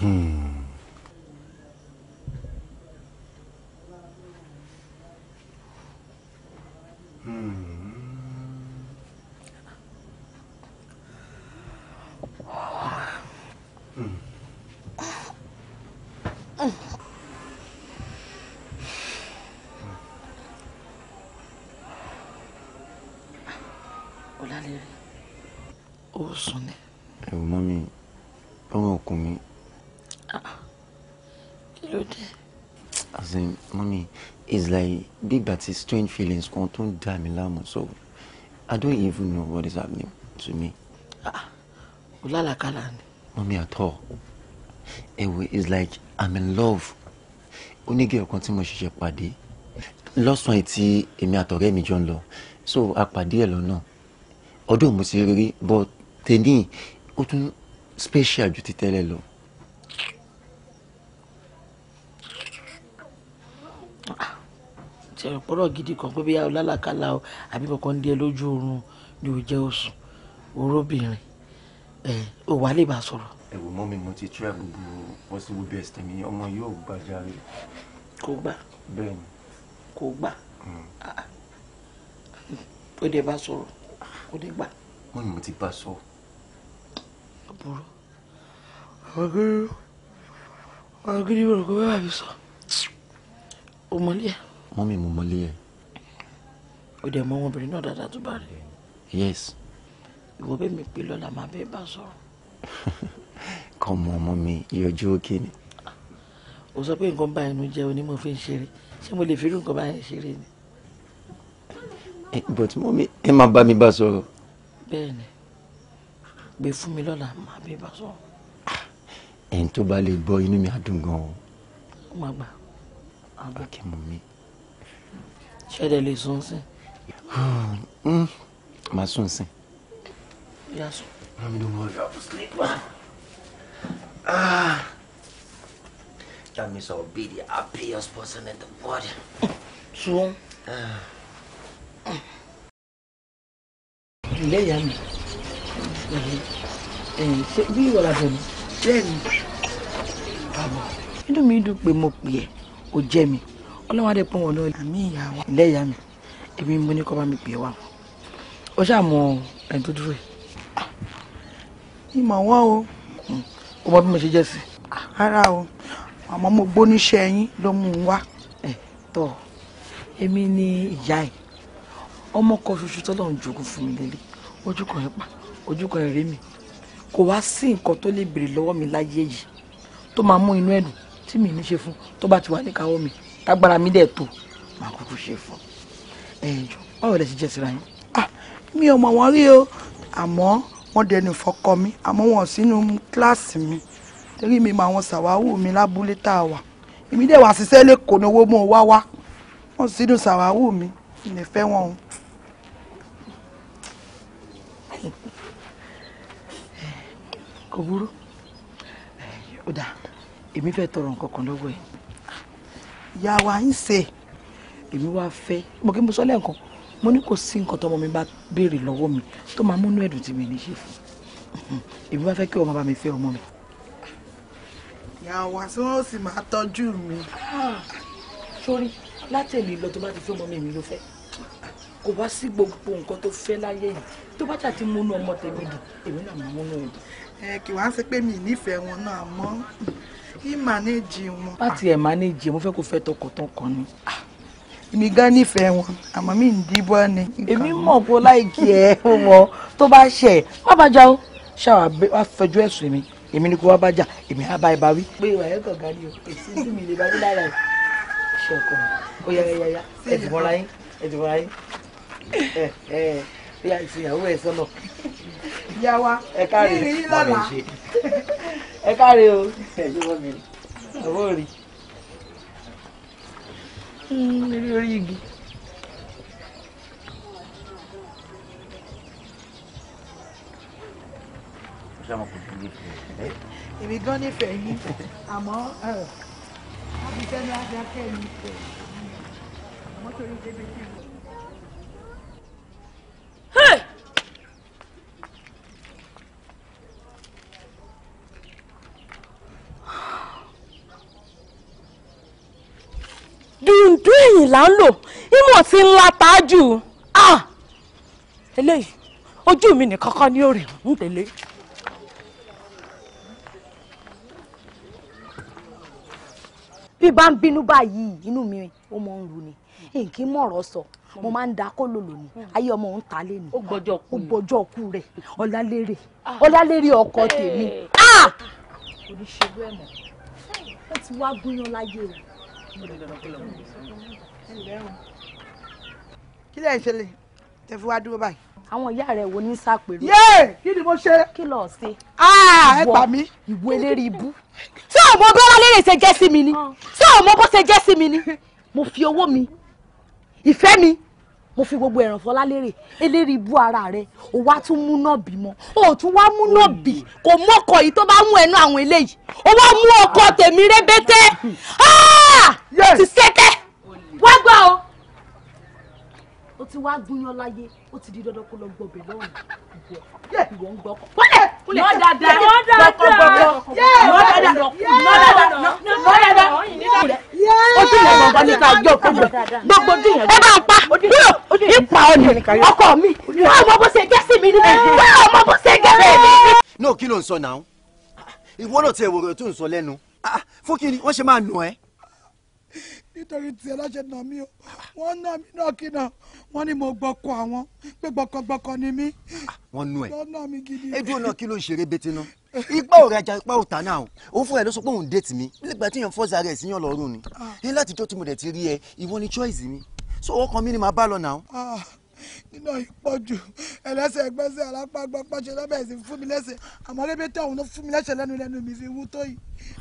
Hmm. ló dé. as mummy it's like big bati strange feelings kan tó ń dà mí láàmú so i don't even know what is happening to me. ah o lálàkàlà ni. mummy at all ewe it's like i'm in love onígẹ̀ ọ̀kan tí mo ṣẹ̀ṣẹ̀ pàdé lọ́sàn-án tí èmi àtọ̀rẹ́ mi jọ ń lọ so a pàdé ẹ̀ lọ́nà ọdún mo ti rí but tèmi ó tún special ju ti tẹ́lẹ̀ lọ. tẹ̀rọ̀pọ̀rọ̀ gidi kan pé bóyá ọlálàkàlà o àbí kankan díẹ̀ lójú oorun ni ò jẹ́ oṣù oróbìnrin ẹ ò wá lè bá sọ̀rọ̀. ẹ wò mọ́ mi mo ti try gbogbo possible best mi ọmọ yóò gbàjà rẹ. kò gbà bẹ́ẹ̀ni kò gbà hmm. ah, ah. ó dé bá sọ̀rọ̀ ó dé gbà. wọ́n ní mo ti bá sọ. àbúrò àgbèrè àgbèrè ìwọ̀n kò bá wà fi sọ ọmọlẹ́yà mọ́mì mo mọ́lé ẹ̀. ó dẹ̀ mọ ọmọbìnrin náà dáadáa tó bá rí. yes. ìwọ bẹ́ẹ̀ mi pè lọ́la máa bẹ́ẹ̀ bá sọ̀rọ̀. kọ́ mọ ọmọ mi ìyọjú òkè ni. o sọ pé nǹkan bá ẹnu jẹ́ onímọ̀ fi ń ṣeré ṣé mo lè fi irú nǹkan bá yẹn ṣeré ni. Eh, but mọ́mì ẹ máa bá mi bá sọ̀rọ̀. bẹ́ẹ̀ ni gbé fún mi lọ́la máa bẹ́ẹ̀ bá sọ̀rọ̀. ẹ̀yin tó bá lè gbọ́ inú mi á dùn gan-an. ó máa gbà. àgbà kí mọ̀ mi ṣẹ́dẹ̀ de sùn sí. màá hmm, sùn sí. yà mami don't worry about sleep. Ah. That means I'll be the happiest person in the world. Soon. Ah. Ilé ìyá mi. Eh, eh, ṣé bí ìwọ la bẹ̀rù? Bẹ́ẹ̀ni. Bàbá. Inú mi dùn pé mo pè ẹ́, o jẹ́ mi ọlọ́run adé pọ́n wọ̀lọ́ àmì ìyá wa ilé ìyá mi èmi mo ní kọ́ bá mi pè é wá ó ṣàmọ ẹni tó dúró yìí ah, ìmọ̀ wọ́n o ó mọ bí mo ṣe jẹ́ sí ah, rárá o àmọ́ mo gbóníṣẹ́ yín ló mú un wá ẹ̀ eh, tọ́ èmi ni ìyá ẹ̀ ọmọ kan ṣoṣo tọ́lọ́run jogún fún mi lélẹ̀ ojú kan ẹ̀ pa ojú kan ẹ̀ rí mi kò wá sí nǹkan tó lè béèrè lọ́wọ́ mi láyé yìí tó máa mú inú ẹ̀dùn tí mi ní ṣe fún tó bá ti wà níkàáwọ́ mi tágbára mi dẹ̀ tó màá kúkú ṣe fún ẹ̀yìn jọ báwo lẹ ti jẹ síra yín. Ah, mi ò mọ̀ wọ́n rí o àmọ́ wọ́n dẹnu fọkọ mi àmọ́ wọn sínú kíláàsì mi torí mi mọ àwọn sàwáwù mi lábúlé tá a wà èmi dẹ̀ wá ṣiṣẹ́ lẹ́kọ̀ọ́ ní owó mú o wá wá wọ́n sínú sàwáwù mi ìlẹ̀ fẹ́ wọn o. kò burú ó èmi fẹ́ tọrọ nǹkan kan lọ́wọ́ ẹ̀ ìyá wa ń ṣe èmi wá fẹ́ mo kí mo sọ lẹ́ẹ̀kan mo ní kò sí nǹkan tọmọ mi bá béèrè lọ́wọ́ mi tó máa múnú ẹ̀dùn tí mi ní ṣe fún èmi wá fẹ́ kí ọmọ bá mi fẹ́ ọmọ mi. ìyá wa tí wọ́n sì máa tọ́jú mi. sórí látẹ̀lé lọ tó bá ti fẹ́ ọmọ mi mi ló fẹ́ kò wá sí gbogbo nǹkan tó fẹ́ láyé yìí tó bá ṣàti múnú ọmọ tèmi dùn èmi náà máa múnú ẹ̀ ẹ kì wá ń ṣe pé mi ì nífẹ̀ẹ́ wọn náà mọ́ kí mànéjì wọn. láti ẹ̀ mànéjì mo fẹ́ kó fẹ́ tọkàntọkàn ni. Ah, èmi gan nífẹ̀ẹ́ wọn àmọ́ mi ń díbọ́ ni. èmi mọ̀ kó láìkí ẹ̀ wọ́n tó bá ṣẹ̀ má bàjá o ṣáà wàá fẹjọ́ ẹ̀sùn mi èmi ni kò wá bàjá èmi á bá ẹ bá wí. pé ìwà ẹ̀ kàn gani o èsì tí mi lè bá dé lára ẹ̀ ṣe ọkọ mi ó yá yá yá ẹ̀dùnmọ́ra yín ẹ̀dùnmọ́ra yín ẹ̀ ẹ̀ bí a ìsìnyàwó ẹ̀ sọ́nà. ìyá wa ní ìrírí lọ́la ẹ káre o ẹjọba mi àbọ̀ rí lórí orí igi. èmi gan nífẹ̀ẹ́ yín àmọ́ àbí sẹ́nu àti akẹ́yìn àmọ́ torí débi tí mo. dùndún ẹ̀yìn là ń lò ìmọ̀ tí ń la ta jù ah eléyìí ojú mi nìkan kọ́ ní òrè ń tẹ̀lé. bí bá ń bínú báyìí inú mi ó mọ ń ru ni nǹkan mọ̀rọ̀ sọ mo máa ń da kó lòlò ni ayé ọmọ òun ta lé ni ó gbọ́jọ́ ọkú rẹ̀ ọ̀làlérè ah. ọ̀làlérè ọkọ tèmi. oníṣègùn ẹ̀mọ́ ó ti wá gúnyán láyé rẹ̀ kí lẹ́yìn ṣe lè tẹ fi wá dúró báyìí. àwọn ìyá rẹ̀ wo ní sàpèrè. yé kí ni mo ṣe. kí lọ ṣe. Ah, ẹ gbà mí. ìwé lérí ibú. tí ò mọ bí wọ́n lè ṣe jẹ́ sí mi ni tí ah. ò mọ bó ṣe jẹ́ sí mi ni mo fi owó mi ìfẹ́ mi mo fi gbogbo ẹ̀ràn fọlá lérè eléri ibú ara rẹ o wá tún mú náà bì mọ́ o tún wá mú náà bì kò mú ọkọ yìí tó bá mú ẹnu àwọn eléyìí o wá mú ọkọ tèmi rẹ́bẹ́tẹ́ ah! ti sẹ́tẹ́ wá gbọ́ o o ti wá gúnyán láyé ó ti di dandan kó lọ gbọbẹ lọ́rùn ìwọ ìwọ ń gbọkọ. wọlé kúlẹ̀ nọ dada nọ dada nọ dada nọ dada nọ dada. o ti yẹ gbọgbọ nípa ọjọ́ gbogbo gbogbo dùn ẹ bá ń pa dúró ipa ọ̀nì ọkọ mi wọ́n mọ bó ṣe jẹ́ sí mi ni wọ́n mọ bó ṣe jẹ́ sí mi. náà kí ló ń sọ náà ìwọ náà tẹ ìwòrò tó ń sọ lẹ́nu ah, fún kí ni wọ́n ṣe máa nù ẹ́. nítorí tí ẹlọ́ṣẹ̀ nà mí o wọ́n nà mí náà kí náà wọ́n ní mo gbọ́kọ àwọn pé gbọ́kọgbọ́kọ ni mí. Ah, wọ́n nù ẹ̀ edu náà kí ló ń ṣeré bẹ́tẹ̀ náà ipa ò rajà ipa ò tà náà o òun fúnra ẹ ló sọ pé òun déètì mi nígbà tí èèyàn fọ́ọ̀sì ara ẹ̀ sí yàn lọ́rùn ni ní ah. láti tó tí mo dẹ̀ ti rí ẹ ìwọ ni choice mi so owó kan mi ni màá bá lọ nà. Ah, nínú ìpọ́jù ẹlẹ́sẹ̀ gbẹ́sẹ̀ alápágbọ́n pọ́ṣẹ lọ́bẹ̀ sí fún mi lẹ́sẹ̀ àmọ́ lébi tí òun ló fún mi lẹ́sẹ̀ lẹ́nu lẹ́nu mi fi wú tó yìí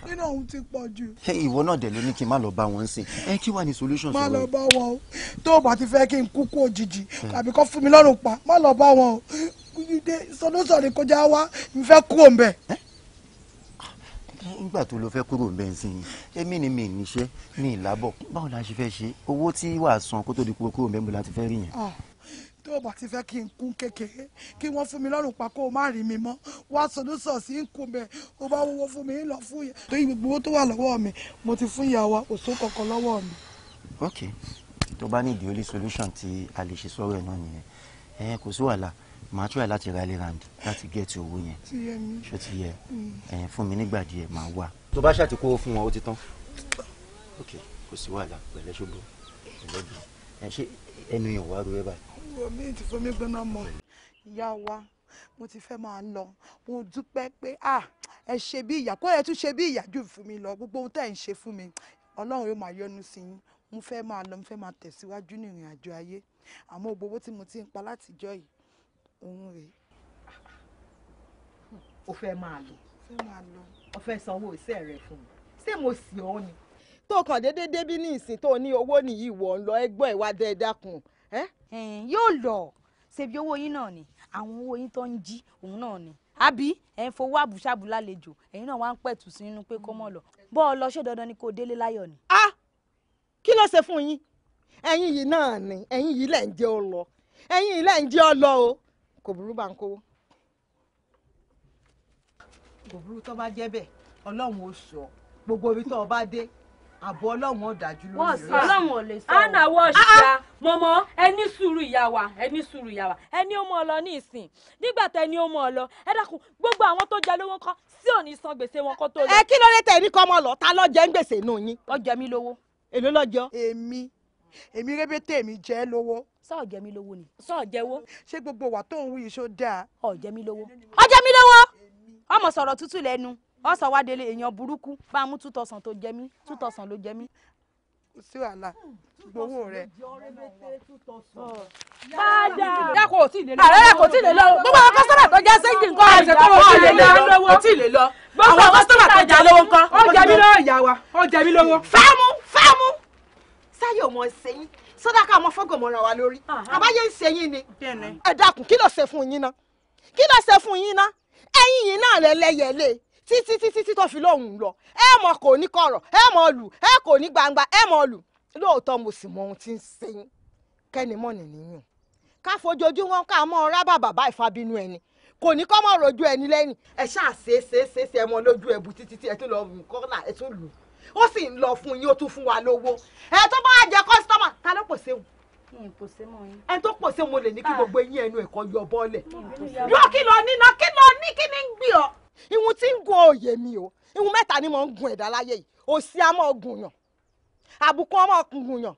nínú òun ti pọ̀ jù. ìwọ náà dẹ̀ ló ní kí n má lọ bá wọn sìn ẹ kí wàá ní solution. má lọ bá wọn o tó o bá ti fẹ́ kí n kú kú òjijì tàbí kó fún mi lọ́rùn pa má lọ bá wọn o sọdọ́sọ̀rì kọjá wa n fẹ́ kú òǹbẹ̀ nígbà tó lọ fẹ́ kúrò bẹ́ǹsìn èmi ni mi níṣẹ́ mi ìlábọ̀ báwo la ṣe fẹ́ ṣe owó tí wàá san kó tó di kúrò kúrò bẹ́ǹbù la ti fẹ́ rí yẹn. Ah, tó o bá ti fẹ́ kí n kún kékeré kí wọ́n fún mi lọ́rùn pa kó o má rí mi mọ́ wá sọdúnṣọ̀ sí ń kun bẹ́ẹ̀ o bá wọ́wọ́ fún mi ń lọ fún yẹn torí gbogbo owó tó wà lọ́wọ́ mi mo ti fún ìyàwó òṣó kankan lọ́wọ́ mi. ok tó bá ní ìdí olú solution tí a lè ṣe sọ́rọ̀ ẹ̀ náà nìyẹn ẹ màá try láti ra elérandu láti gẹ́ẹ̀tì owó yẹn ṣó ti yẹ mm. ẹ̀yìn fún mi nígbà díẹ̀ màá wà. tó bá ṣàtìkó owó fún wọn ó ti tán ok kò sí wàhálà pẹ̀lẹ́ ṣubú ẹ̀lẹ́bí ẹ̀ ẹnu yẹn wàá ro ẹ báyìí. wọ́n mi ti fún mi gbọ́ná mọ́ ìyá wa mo ti fẹ́ máa lọ mo dúpẹ́ pé ẹ ṣe bí ìyà kó ẹ tún ṣe bí ìyà jù fún mi lọ gbogbo ohun tẹ́ ẹ̀ ń ṣe fún mi ọlọ́run yóò máa yọ́nú sí yín mo fẹ́ máa lọ mo fẹ́ máa tẹ̀síwájú ní ìrìn àjò ayé àmọ́ gbogbo tí mo ti ń pa látijọ́ yìí òun rèé. o fẹ́ máa lọ o fẹ́ sanwó iṣẹ́ rẹ fún mi ṣé mo sì ọ́ ni. tó kàn déédéé débí ní ìsìn tó ní owó nìyí wọ̀ ń lọ ẹgbọ́n ìwà dẹ́ẹ̀dákun. yóò lọ ṣebí owó yín náà ni àwọn owó yín tó ń jí òun náà ni àbí ẹ ń fowó àbùṣàbù lálejò ẹ̀yin náà wá ń pẹ̀tù sínú pé kó mọ̀ lọ bọ́ ọ lọ ṣé dandan ni kó délé láyọ̀ ni. a ah! kí ló ṣe fún yín ẹ̀yin yìí náà ni ẹ̀yin yìí lẹ ń jẹ́ ọ lọ ẹ̀yin yìí lẹ ń jẹ́ ọ lọ o kò burú bá ń kówó. kò burú tó bá jẹ́ bẹ́ẹ̀ ọlọ́run ó sọ gbogbo ibi tó o bá dé àbọ̀ ọlọ́run ò dájú lórí rẹ̀. ọlọ́run ò lè sọ ọ́ anna wọ ah, ah. ṣíà mọ̀mọ́ ẹni sùúrù ìyá wa ẹni sùúrù ìyá wa ẹni ó mú ọ lọ ní ìsìn nígbà tẹ ni ó mú ọ lọ ẹ dákun gbogbo àwọn tó jẹ lówó kọ sí òní san gbèsè wọn kó tó lọ. ẹ kí ló dé tẹ ẹni kọ́ ọmọ lọ ta ló jẹ ń gbèsè nù yín. ó jẹ lówó. èló ló jọ. èmi èmi rébété mi jẹ́ lówó. sọ jẹ mi lówó ni sọ jẹwó. ṣé gbogbo wà tó ń wí iṣó dáa. ọ jẹ mi lówó ọ jẹ mi lówó ọmọ sọ̀rọ̀ tútù lẹ́nu ọ̀sọ̀ wa délé èèyàn burúkú bá a mú two thousand tó jẹ mí two thousand ló jẹ mí. kò sí wàhálà gbowó rẹ. padà dá kò tí ì lè lọ. ààrẹ kò tí ì lè lọ gbogbo àwọn kọ́sọ́mà tó jẹ́ sẹ́ńtì nǹkan ẹ̀sẹ̀ tó wọ́n lè lọ kò tí ì lè lọ. gbogbo àwọn kọ́sọ́mà tó jẹ́ lówó nǹkan. ó jẹ mí ìyá wa ó jẹ mí lówó. fáàmù fáàmù táyọ̀ ọmọ ṣẹ́yìn sọ́dáká ọmọ fọ́gọ̀mọ́ ràn wá lórí àbáyé ń ṣẹ́yìn ni ẹ dákun kí ló ṣe fún yín ná kí ló ṣe fún yín ná ẹ̀yìn yín náà lẹ lẹ́yẹlé títí títí tí tó fi lóhùn lọ ẹ mọ kò ní kọ̀rọ̀ ẹ mọ lù ẹ kò ní gbangba ẹ mọ lù lóòótọ́ mo sì mọ ohun tí ń ṣẹ́yìn kẹ́ni mọ́ni nìyẹn ká fojoojúmọ́ ká mọ́ rábà bàbá ìfabinú ẹni kò ní kọ́ mọ́ rojú ẹni lẹ́yìn ẹ ṣáà ṣe é ṣe é ṣe é ṣe ẹ mọ lójú ẹ̀bù títí tí ẹ tún lọ kọ́là ẹ tún lù ú ó sì ń lọ fún yín ó tún fún wa lówó ẹ tó bá jẹ kọ́sítọ́mà ta ló pò séwu ẹni tó pò séwu mo lè ní kí ah. gbogbo eyín ẹnu ẹ̀kọ́ yọ bọ́ọ̀lẹ̀ yọ kí lọ níná kí lọ ní kí ni ń gbì ọ́ ìhun tí ń gun òye mi o ìhun mẹ́ta ni mò ń gun ẹ̀dá láyé yìí òsì àmọ́ gùnyàn àbùkù ọmọ gùnyàn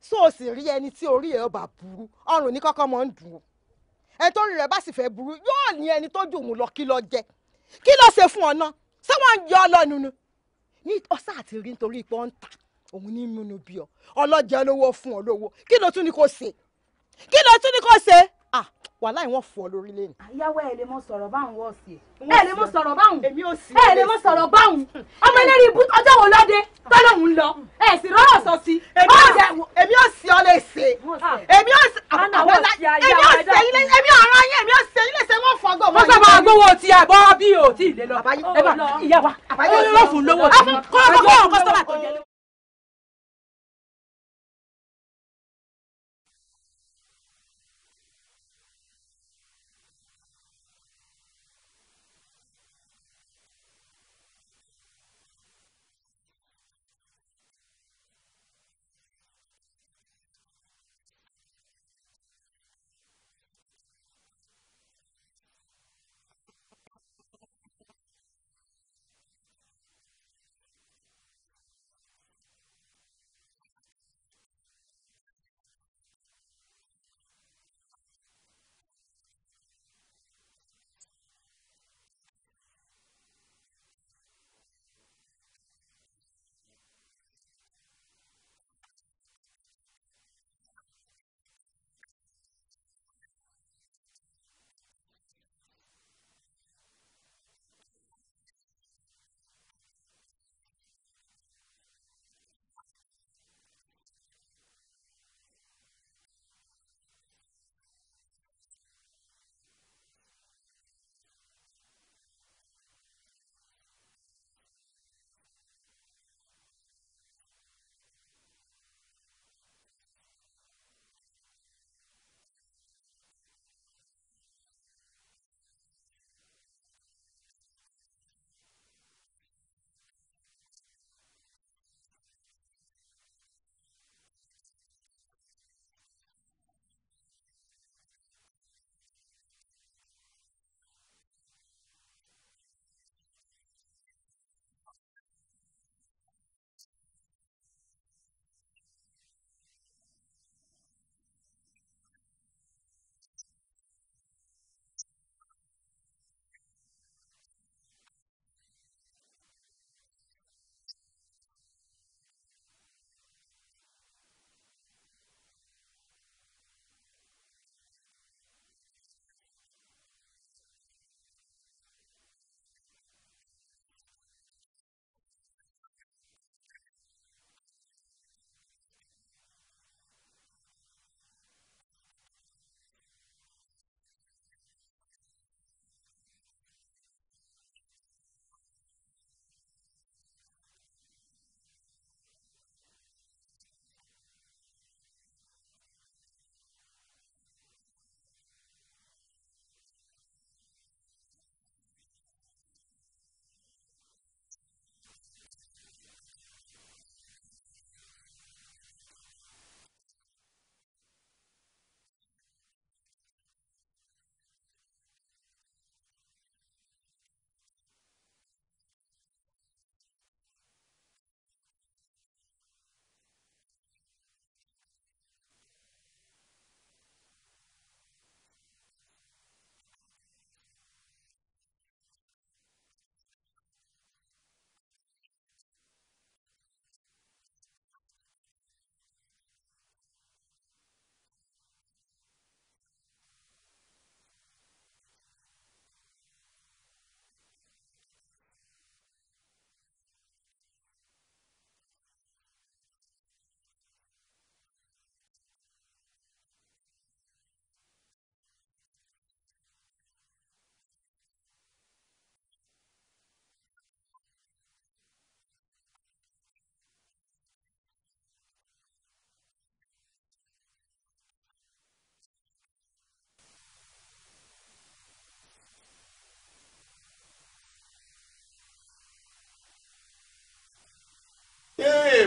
so o sì rí ẹni tí orí ẹ̀ ọba burú ọrùn ní kọ́kọ́ mọ́ ń dùn o ẹni tó rí rẹ̀ bá sì fẹ́ burú yóò ní ẹni tó jù mú lọ kí lọ jẹ kí lọ ṣe fún ọ náà ṣé wọ́n ń yọ ọ lọ́nu ni ní ọ̀sán àti rí nítorí ipò ń ta òun ní múnú bí ọ ọlọ́jà lówó fún ọ lówó kí ló tún ní kò ṣe kí ló tún ní kò ṣe wàhálà ìwọ̀n fọ́ lórí lẹ́nu. àyàwó ẹ lè mọ sọ̀rọ̀ báwọn wọ̀ sí ẹ ẹ lè mọ sọ̀rọ̀ báwọn èmi ò sí ẹ lè mọ sọ̀rọ̀ báwọn ọmọ ẹlẹ́rìí ibú ọjọ́ wo lọ́dẹ tọ́lọ́hún ń lọ ẹ sì rọ́rọ̀ sọ sí. èmi ò sí ọ lè ṣe èmi ò sí àwọn èmi ò sí ilé èmi ò rán yín èmi ò sí ilé ṣe wọ́n fọ́ gbọ́. mọ́sá máa gbówó ti àbọ̀ bí o ti lè lọ. ẹ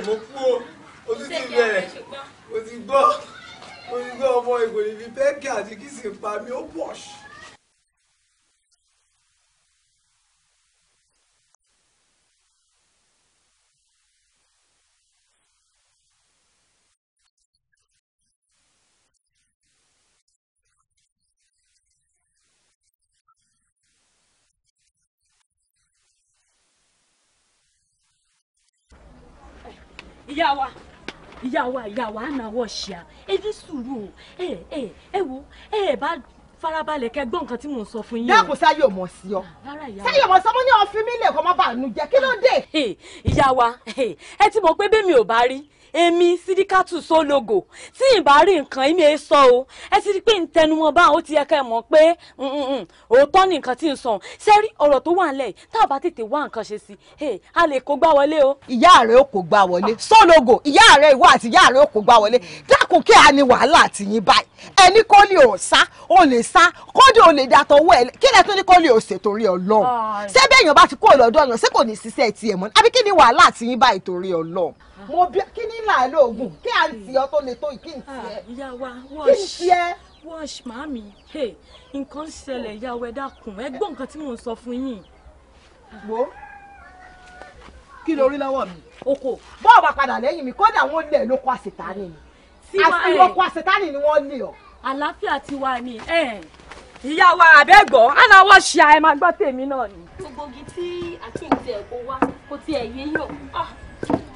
mo kú o ojú ti bẹ̀rẹ̀ o ti gbọ́ o ti gbọ́ ọmọ ìgò ìbí pẹ́ẹ́kì àti kìsì pa mi ó bọ̀ṣù. wa ìyá wa ìyá wa ànáwọ̀ ṣíà ẹ ní sùúrù o ẹ ẹ ẹ wo ẹ ẹ bá farabalẹ̀ kẹ́ gbọ́ nǹkan tí mò ń sọ fún yín. dákun sáyò mọ̀ sí ọ sáyò mọ̀ sọmọ ní ọ̀fin mi lè kọ́ mọ́ bàánú jẹ́ kí ló dé. ìyá wa ẹ ti mọ̀ pé bẹ́ẹ̀ mi ò bá rí èmi sídíkàtù sólogò tí ìbá rí nǹkan èmi èé sọ o ẹ ti rí pé ń tẹnumọ́ bá ó ti yẹ ká ẹ mọ̀ pé òótọ́ ni nǹkan tí ń sọ ṣe rí ọ̀rọ̀ tó wà nílẹ̀ tá a bá tètè wá nǹkan ṣe sí i a lè kó gbá wọlé o. ìyá rẹ ò kò gbá wọlé sólogò ìyá rẹ ìwọ àti ìyá rẹ ò kò gbá wọlé dákun kí a ní wàhálà àtìyín báyìí ẹni kò lè ò sá ò lè sá kódà ò lè dàtọ̀ wọ ẹ kí lẹ tún ní kò lè ò ṣètòrí ọlọ́run ṣé bẹ́ẹ̀ yàn bá ti kó ọ̀lọ́dọ̀ ọ̀nà ṣé kò ní ṣiṣẹ́ tiẹ̀ mọ́ àbí kí ni wàhálà àtìyín báyìí torí ọlọ́run mo bí kí ní là á lóògùn kí à ń tì ọ tó le tó kí n tì ah, ẹ wa wash kí n tì ẹ. wash màámi nǹkan ṣẹlẹ̀ ìyá wa ẹ dákun ẹ gbọ́ nǹkan tí mò ń sọ fún yín. wo kí ló rí lọ́wọ́ mi. oko bọ́ọ̀ bá padà lẹ́yìn mi kódà wọ́n lẹ̀ lóko àṣetánì ni àti eh. lóko àṣetánì ni wọ́n lé ọ. àlàáfíà tiwa ni eh. ìyá wa àbẹ́gbọ́ aláwọ̀ ṣíà ẹ máa gbọ́ tèmi náà ni. gbogbo igi tí àkíyèsí ẹ̀ kó wá kó tiẹ̀ yé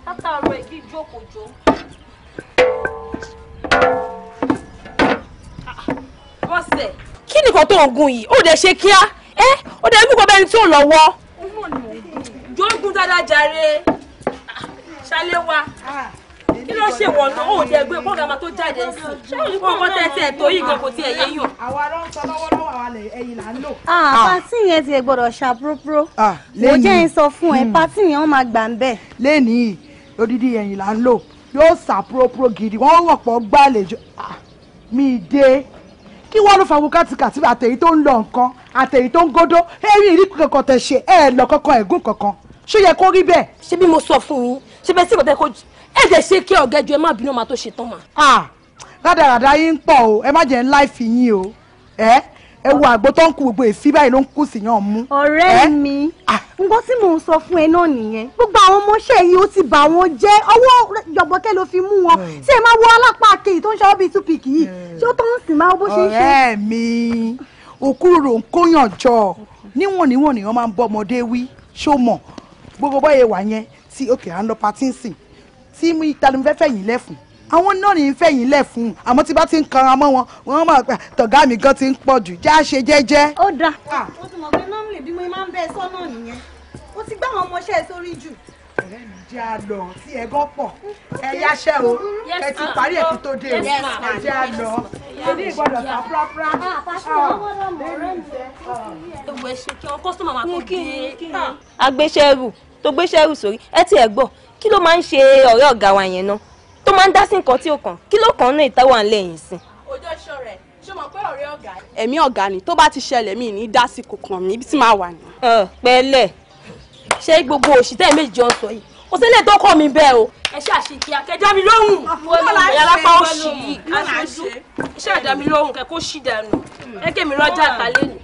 látàárọ̀ ibi ìjókòjó. Ah, bọ́sẹ̀. kí nìkan tó ń gun yìí ó dẹ̀ ṣe kíá ẹ ó dẹ̀ gbogbo ẹni tó ń lọ́wọ́. jógun dáadáa jàre ah, ṣálẹ̀ wa kí ló ṣe wọ̀n náà ó dẹ̀ gbé bọ́ọ̀gà máa tó jáde sí i kó nǹkan tẹ̀sẹ̀ tó yìí gan kò tiẹ̀ yé yàn. àwa ló sọ lọ́wọ́lọ́wọ́ àwa lè ẹyin là ń lò. Ah. pàtí yẹn ti gbọ́dọ̀ ṣàprópró mo jẹ́ ń sọ fún ẹ hmm. pàtí yẹn wọ́n máa gbà ń bẹ̀. lẹ́nìí odidi ẹ̀yìn là ń lò yóò sà púrópúró gidi wọ́n wọ̀pọ̀ gbàlejò ah, mi dé kí wọ́n ló fa wo kátìkàtì àtẹ̀yí tó ń lọ nǹkan àtẹ̀yí tó ń gódó ẹ̀rí ìrí kankan tẹ̀ ṣe ẹ̀ lọ kankan ẹ̀gún kankan ṣó yẹ kó rí bẹ́ẹ̀. ṣé bí mo sọ fún yín ṣé bẹ́ẹ̀ sí ìgbà tẹ́ kó ẹ̀ jẹ́ ṣé kí ọ̀gẹ́jọ ẹ má bínú ọmọ tó ṣe tán mà. Ah, rádaràda yín ń pọ̀ o ẹ má jẹ́ ńlá ìfì yín o ẹ ẹ wo àgbo tó ń kú gbogbo èéfín báyìí ló ń kú sí yàn mú. ọ̀rẹ́ mi ah, nǹkan tí mò ń sọ fún ẹ náà nìyẹn gbogbo àwọn ọmọọṣẹ́ yìí ó ti bà wọ́n jẹ́ ọwọ́ yọ̀bọ̀kẹ́ ló fi mú wọn hmm. ṣé ẹ máa wọ alápá kejì tó ń ṣọwọ́ bíi túpìk yìí hmm. ṣé ó tó ń sìn máa bó ṣe ń ṣe. ọ̀rẹ́ mi òkú rò níwọ̀n níwọ̀n nìyẹn máa ń bọ́ ọmọdé wí ṣó mọ̀ gbogbo bọ́yẹ̀ wà yẹn tí òkè à ń lọ patínsìn tí mi tani fẹ́ fẹ̀yìn lẹ́fun àwọn náà ní fẹ̀yìn lẹ́fun àmọ́ tí bá ti ń kanra mọ́ wọn wọ́n máa tọ̀gá mi gan ti ń pọ̀ jù já ṣe jẹ́jẹ́. ó dáa bẹ́ẹ̀ sọ́nà nìyẹn ó ti gbá àwọn ọmọọṣẹ́ ẹ sórí jù. ọ̀rẹ́ mi jẹ́ àlọ́ tí ẹ gọ́ pọ̀ ẹ yáṣẹ́ o ẹ ti parí ẹ ti tó dé o ẹ jẹ́ àlọ́ èmi ìgbọ́dọ̀ ta fúráfúrá. ẹ̀wẹ̀ ah, ah. ah. ṣe kí ọ kọ́sọ́mà máa tó dé. agbéṣẹ́rù tó gbéṣẹ́rù sórí ẹ ti ẹ̀ gbọ́ kí ló máa ń ṣe ọ̀rẹ́ ọ̀gá wa yẹn náà tó máa ń dá sí nǹkan tí ó kàn kí ló kàn ń ná ìtawà ńlẹ̀ yìí sí. ojú ọ̀ṣọ́ rẹ̀ mọ̀ pé ọ̀rẹ́ ọ̀gá ni. ẹ̀mí ọ̀gá ni tó bá ti ṣẹlẹ̀ mí ní dásì kò kàn mí ibi tí màá wà ní. pẹ̀lẹ́ ṣé gbogbo òṣìṣẹ́ méjì ọ̀ sọ yìí kò sílẹ̀ tó kọ́ mi bẹ́ẹ̀ o. ẹ ṣáà ṣe kí akẹ́jọ́ mi lóhùn. ìyá lápá ó ṣì yí aṣojú iṣẹ́ àdá mi lóhùn kẹ́kọ̀ọ́ ṣì dànù ẹ̀kẹ́ mi rọ́jà àtàlẹ́ nì.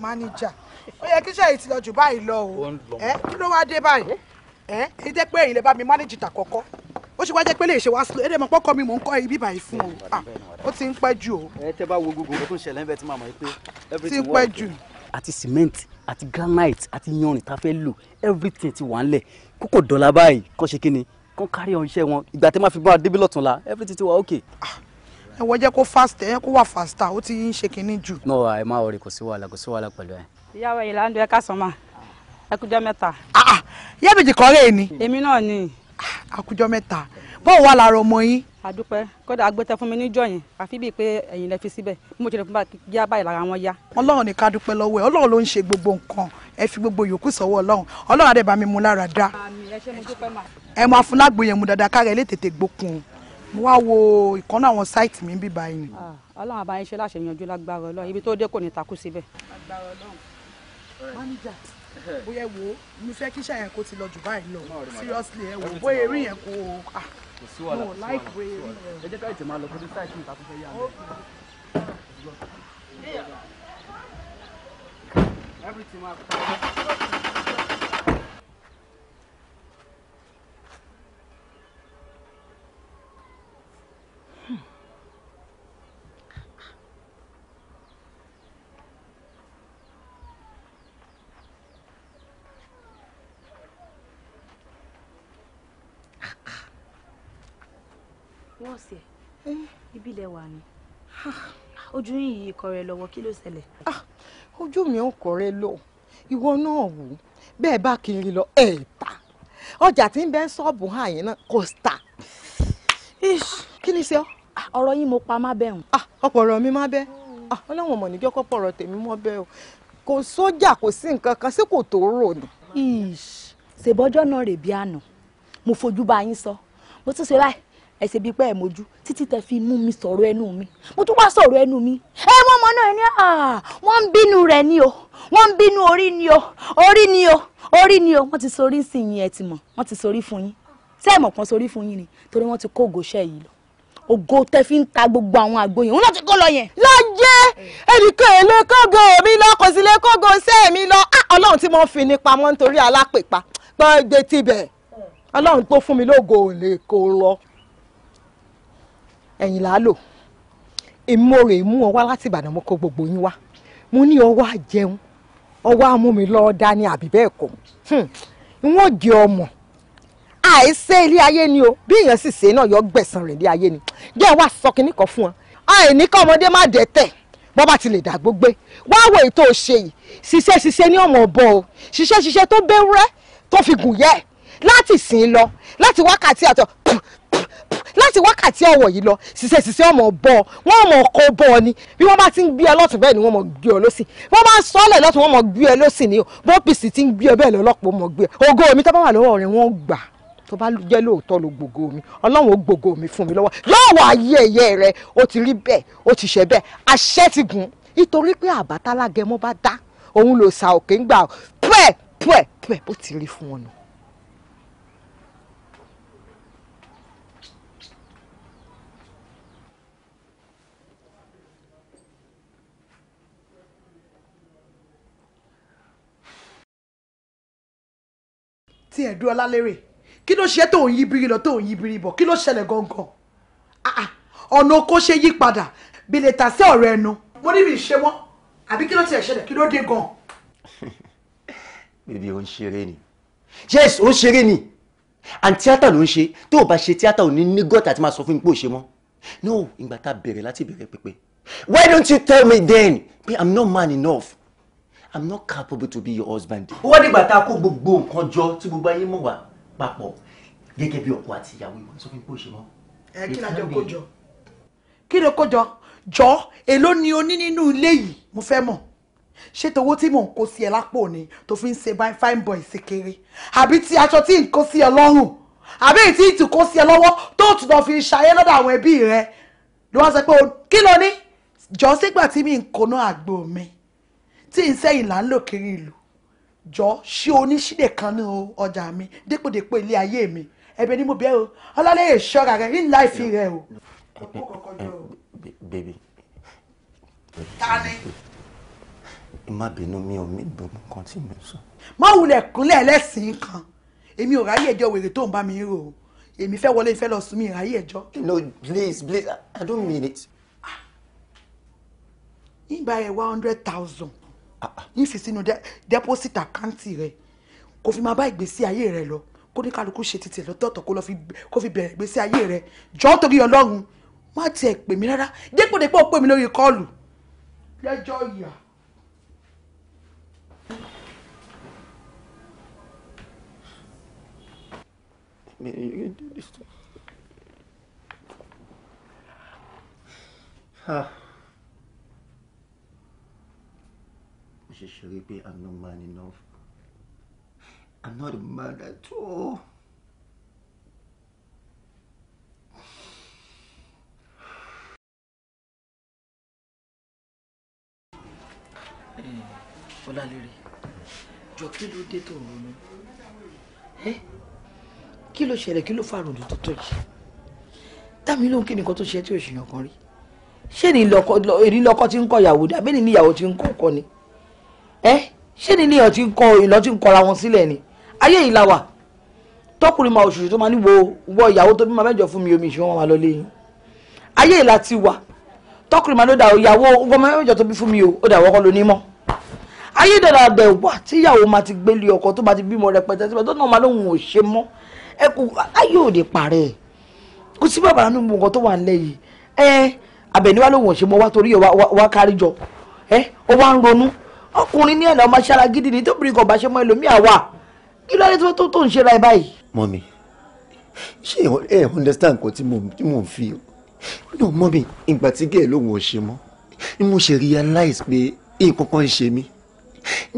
manager ó yẹ kíṣẹ́ yìí ti lọ jù báyìí lọ o kí ló wá dé báyìí ẹ èyí jẹ́ pé èyí lè bá mi manage ìta kọ́kọ́ ó ṣe wá jẹ́ pé lè ṣe wá slow èdè mọ̀ pọ́kọ mi mò ń kọ́ ibi báyìí fún o ah, ó ti ń pẹ́ jù o. ẹ tẹ bá wo gbogbo nǹkan tó ń ṣẹlẹ̀ ń bẹ tí màá mọ̀ pé everything wọ́n ti àti cement àti granite àti yanrìn tá a fẹ́ lò everything ti wà ń lẹ̀ kókò dọ̀la báyìí kọ́ ṣe kí ni kọ́ kárí ọ̀ṣẹ́ wọn ìgbà tí wọ́n la everything ti okay. Ah, ẹ wọ kó fast ẹ kó wà faster ó ti ń ṣe kinní jù. no ẹ má wọrí kò sí wàhálà kò sí wàhálà pẹ̀lú ẹ. ìyàwó yìí láńdó ẹ káàsán mà ẹkújọ mẹ́ta. Ah, ah, yẹ́bìjì kọ́ rẹ̀ ni. èmi náà ni. àkújọ ah, mẹ́ta bọ́ọ̀ wà lára ọmọ yín. àdúpẹ́ kódà agbẹ́tẹ fún mi níjọ́ yẹn àfi bíi pé ẹ̀yin lẹ fi síbẹ̀ bí mo ti lè fún yá báyìí lára wọn yá. ọlọ́run ní ká dúpẹ́ lọ́wọ́ ẹ̀ ọlọ́run ló ń ṣe gbogbo nǹkan ẹ fi gbogbo yòókù sọ́wọ́ ọlọ́run ọlọ́run adé mi mú lára dá. ẹ máa fún lágbo mu dáadáa kára ẹ lè tètè gbókun mo wá wo ìkan náà àwọn sáìtì mi ń bíbá yìí. ọlọ́run àbáyé ṣe láṣẹ yanjú lágbára ọlọ́run ibi tó dé kò ní takú síbẹ̀. lágbára ọlọ́run mánìjà bóyá wo mo fẹ́ kí ṣàyẹn kó ti lọ jù báyìí lọ seriously ẹ wò bóyá eré yẹn kó ah, kò sí wàhálà kò sí wàhálà ẹ jẹ́ ká ètè máa lọ kó dé sáìtì mi takú fẹ́ yá mi. everything wa. wọ́ọ̀sì ẹ̀ ibi ilẹ̀ wà ni ojú yín yìí kọ rẹ lọ́wọ́ kí ló ṣẹlẹ̀. Ah, ojú mi ò kọ rẹ lọ ìwọ náà wò bẹ́ẹ̀ bá kiri lọ ẹ̀ ta ọjà tí ń bẹ ń ṣọ́ọ̀bù hàn yín náà kò tà. kí ni ṣe ọ. Ah, ọ̀rọ̀ yín mo pa má bẹ́ẹ̀ hùn. Ah, ọ̀pọ̀ mi má bẹ́ẹ̀ ọlọ́wọ̀n mọ̀ ní jọ́kọ́ pọ̀ tèmi mọ́ bẹ́ẹ̀ o kò sójà kò sí nǹkan kan sí kò tó rò ní. ṣèbọjọ́ náà rè àná mo fojú bá yín sọ mo tún ṣe báyìí ẹ ṣe bíi pé ẹ mojú títí tẹ fi mú mi sọ̀rọ̀ ẹnu mi mo tún wá sọ̀rọ̀ ẹnu mi ẹ wọ́n mọ náà ní ah, wọ́n ń bínú rẹ̀ ni o wọ́n ń bínú orí ni o orí ni o orí ni o wọ́n ti sorí sí yín ẹ ti mọ̀ wọ́n ti sorí fún yín ṣé ẹ mọ̀ kan sorí fún yín ni torí wọ́n ti kó ògòṣẹ́ yìí lọ ògo tẹ fi ń ta gbogbo àwọn àgbo yẹn òun náà ti kó lọ yẹn. láyé ẹnìkan èlé kógo mi lọ kò sí lè kógo ṣẹ́ mi lọ ah, ọlọ́run tí mo fi ní pamọ́ nítorí alápèpá gbọ́dọ̀ tibẹ̀ ọlọ́run tó fún mi lógo ò lè kó lọ ẹ̀yìn là á lò èmi mo rè mú ọ láti Ìbàdàn mo kó gbogbo yín wá mo ní ọwọ́ àjẹun ọwọ́ amúmi lọ́ọ́ dání àbí bẹ́ẹ̀ kọ́ ìwọ́n hmm, jẹ ọmọ àìsè ilé ayé ni o bí èèyàn sì ṣe náà yọ gbẹ̀sán rẹ̀ ilé ayé ni jẹ́ wá sọ kinní kan fún ọ àìní kọ́ ọmọdé má dẹ́tẹ̀ bọ́ bá ti lè dàgbó gbé wá wo èyí tó o ṣe yìí ṣiṣẹ́ ṣiṣẹ́ ní ọmọ ọ̀bọ o ṣiṣẹ́ ṣiṣẹ́ tó bẹ́rẹ́ tó fi gùn yẹ láti sìn lọ láti wákàtí àtọ láti wákàtí ọwọ yìí lọ ṣiṣẹ ṣiṣẹ ọmọ bọ wọn ọmọ kó bọ ọ ni bí wọn bá ti ń gbé ọ lọtún bẹ́ẹ̀ ni wọn mọ gbé ọ lọsìn wọn bá ń sọ ọlẹ lọtún wọn mọ gbé ọ lọsìn ni o bọpìsì ti ń gbé ọ bẹ́ẹ̀ lọlọpọ mọ gbé ọ ògo mi tó bá wà lọ́wọ́ rẹ wọn gbà tó bá jẹ́ lóòótọ́ ló gbogbo mi ọlọ́run ó gbogbo mi fún mi lọ́wọ́ lọ́wọ́ ayé ẹ̀yẹ rẹ ó ti rí bẹ́ẹ̀ ó ti ṣe bẹ́ẹ̀ àṣẹ ti gùn nítorí pé àbátálágẹmọ bá dá òun lò sa òkè ń gbà pẹ́ẹ́pẹ́ẹ́pẹ́ bó ti rí fún ọ nù. tí ẹ̀ dúró lálérè kí ló ṣe tó ń yí biri lọ tó ń yí biri bọ̀ kí ló ṣẹlẹ̀ gangan ah, ah. ọ̀nà oko ṣe yí padà bìlẹ̀ tà sí ọ̀rọ̀ ẹnu. mo níbi ìṣe wọn àbí kí ló ti ẹ̀ ṣẹlẹ̀ kí ló dé gan. bèbí ò ń ṣeré ni yes ò ń ṣeré ni and tíátà ló ń ṣe tó o bá ṣe tíátà ò ní ní gọ́tà àti máa sọ fún mi pé ò ṣe mọ́ no ìgbà tá a bẹ̀rẹ̀ láti bẹ̀rẹ̀ pípé why don't you tell me then pé i'm not man enough i'm not capable to be your husband. ó wá nígbà tá a kó gbogbo nǹkan jọ tí gbogbo ayé mọ̀ wá papọ̀ gẹ́gẹ́ bí ọkọ àti ìyàwó ìwọ sọ fún mi bó ṣe mọ́. ẹ kí lajọ kó jọ. kí ló kó jọ jọ èló ni o ní nínú ilé yìí mo fẹ́ mọ̀ ṣé towó tí mò ń kó sí ẹ lápò ni tó fi ń ṣe fine boy ṣèkéré àbí ti aṣọ tí ń kó sí ẹ lọ́rùn àbí èyí tí ti kó sí ẹ lọ́wọ́ tó tún lọ fi ṣayé lọ́dọ̀ àwọn ẹbí rẹ ló wá sọ pé kí ló ní jọ sígbà tí mi ń koná àgbo mi tí n sẹ́yìn là ń lò kiri ìlú jọ ṣé oníṣídẹ̀ kan ní ọjà mi dépòdépò ilé ayé mi ẹ̀bẹ̀ ni mo bẹ̀ o ọlọ́lẹ́yẹ ṣọ́ra rẹ in life rẹ o. bèbí. tani. má bínú mi ò mí gbọ́ nǹkan tí mi sọ. má wulẹ̀ kúnlẹ̀ ẹlẹ́sìn kan èmi ò ráyè ẹjọ́ wèrè tó ń bá mi rò ó èmi fẹ́ wọlé ìfẹ́ lọ sùn mi ráyè ẹjọ́. no please please i don't mean it. ìgbà yẹn one hundred thousand yín fi sínú deposit àkáǹtì rẹ kò fi máa bá ìgbésí ayé rẹ lọ kó ní kálukú ṣe títí lọ́tọ̀ọ̀tọ̀ kó fi bẹ̀rẹ̀ ìgbésí ayé rẹ jọ́ torí ọlọ́run má tiẹ̀ pè mí rárá dépò dépò pè mí lórí kọ́ọ̀lù lẹ́jọ́ ìyá. Ah. ṣẹ̀ṣẹ̀ pé I'm not man enough I'm not a man at all. Eh, Ọlálérè jọ kí ló dé tó ń ronú eh, kí ló ṣẹlẹ̀ kí ló fàrùn tó tó yìí dámi lóhun kí nìkan tó ṣe tí òṣìyàn kan rí ṣé èrí lọkọ tí ń kọ ìyàwó dàbí ní ìyàwó tí ń kọ ọkọ ni ẹ ṣé ni níyàn ti ń kọ ìlọ ti ń kọra wọn sílẹ̀ ni ayé yìí la wà tọkùnrin máa òṣùṣù tó máa níwo wọ ìyàwó tó bí máa mẹ́jọ fún mi omi ìṣúná máa lọ léyìn ayé yìí la ti wà tọkùnrin máa ló dà ìyàwó wọ mẹ́jọ tó bí fún mi o ó dà wọ́kọ́ lóní mọ́ ayé dàda dẹ̀ wà tíyàwó máa ti gbélé ọkọ tó máa ti bímọ rẹpẹtẹ síbẹ̀ tó náà máa lóhùn ò ṣe mọ́ ẹ kò ayé òde pàrẹ̀ kò sí bàbá nínú nǹkan tó wà ń yìí ẹ abẹ̀niwá lóhùn ò ṣe mọ́ wá torí wá kárí jọ ẹ ó wá ń ronú ọkùnrin ní ẹ̀nà ọmọ aṣára gidi ni tóbi kò bá ṣe mọ ẹlòmíà wà kí ló dé tó tó tó ń ṣe ra ẹ báyìí. mọ́mi ṣé ẹ understand nǹkan tí mò ń fi o no mọ́mi ìgbà tí gẹ́ẹ̀ lòun ò ṣe mọ́ ni mo ṣe realize pé nǹkan kan ń ṣe mí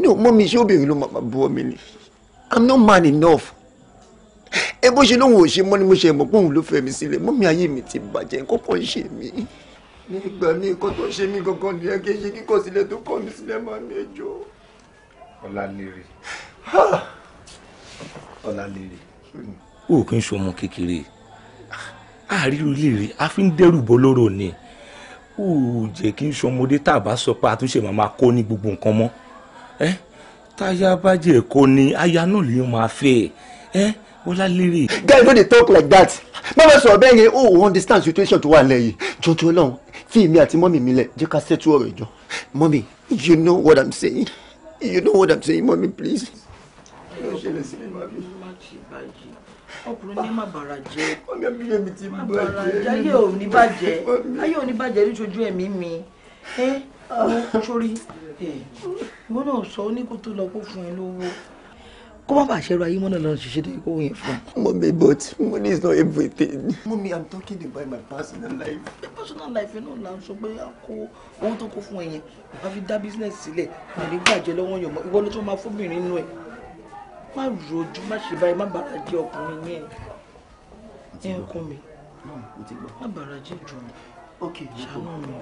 no mọ́mi ṣé obìnrin ló máa bọ́ mi ni i'm not man enough ẹ bó ṣe lòun ò ṣe mọ́ ni mo ṣe mọ̀ pé òun ló fẹ́ mi sílẹ̀ mọ́mi ayé mi ti bàjẹ́ nǹkan kan ń ṣe mí ní ìgbà mi kó tó ṣe mí gangan nìyẹn kí n ṣe kíkọ sílẹ̀ tó kọ́ mi sílẹ̀ máa mi ẹjọ́. ọ̀làlérè ọ̀làlérè. o kì í ṣọmọ kékeré àárírú léèrè a fi ń dẹ́rù bọ́ lóró ni o jẹ́ kí n ṣọmọdé tá a bá sọ pé àtúnṣe màmá kó ní gbogbo nǹkan mọ́ táyà bá jẹ́ ni aya náà lè máa fẹ́ ẹ́ ọ̀làlérè. guy no dey talk like that bá wa sọ̀rọ̀ bẹ́ẹ̀ yẹn o understand situation tó wà lẹ́yìn jọjọ lọ́hùn fi mi àti mọ́mì mi lẹ̀ jẹ́ ká ṣètò ọ̀rọ̀ ìjọ mọ́mì you know what i'm saying you know what i'm saying mọ́mì please. ọkùnrin ní má bàrà jẹ́ má bàrà jẹ́ ayé ò ní bàjẹ́ ayé ò ní bàjẹ́ níṣojú ẹ̀mí mi ẹ ọ sórí ìwọ náà sọ ọ ní kó tó lọ kó fún ẹ lówó kó má bàa ṣẹ́rọ ayé mọ́nà lọ́nà ṣiṣẹ́ tó yẹ kó wọ́n yẹn fún un. Mummy, but money is not everything. Mummy, I'm talking about my personal life. my personal life náà la sọ pé a kó owó tó kó fún ẹ yẹn wàá fi dá business sílẹ̀ kò ní gbàjẹ́ lọ́wọ́ yàn mọ́ ìwọ ló tún máa fóbìnrin nínú ẹ̀ má rojú má ṣe báyìí má bàrà jẹ́ ọkùnrin yẹn ẹ̀ ń kún mi má bàrà jẹ́ jù mí ṣàánú mi.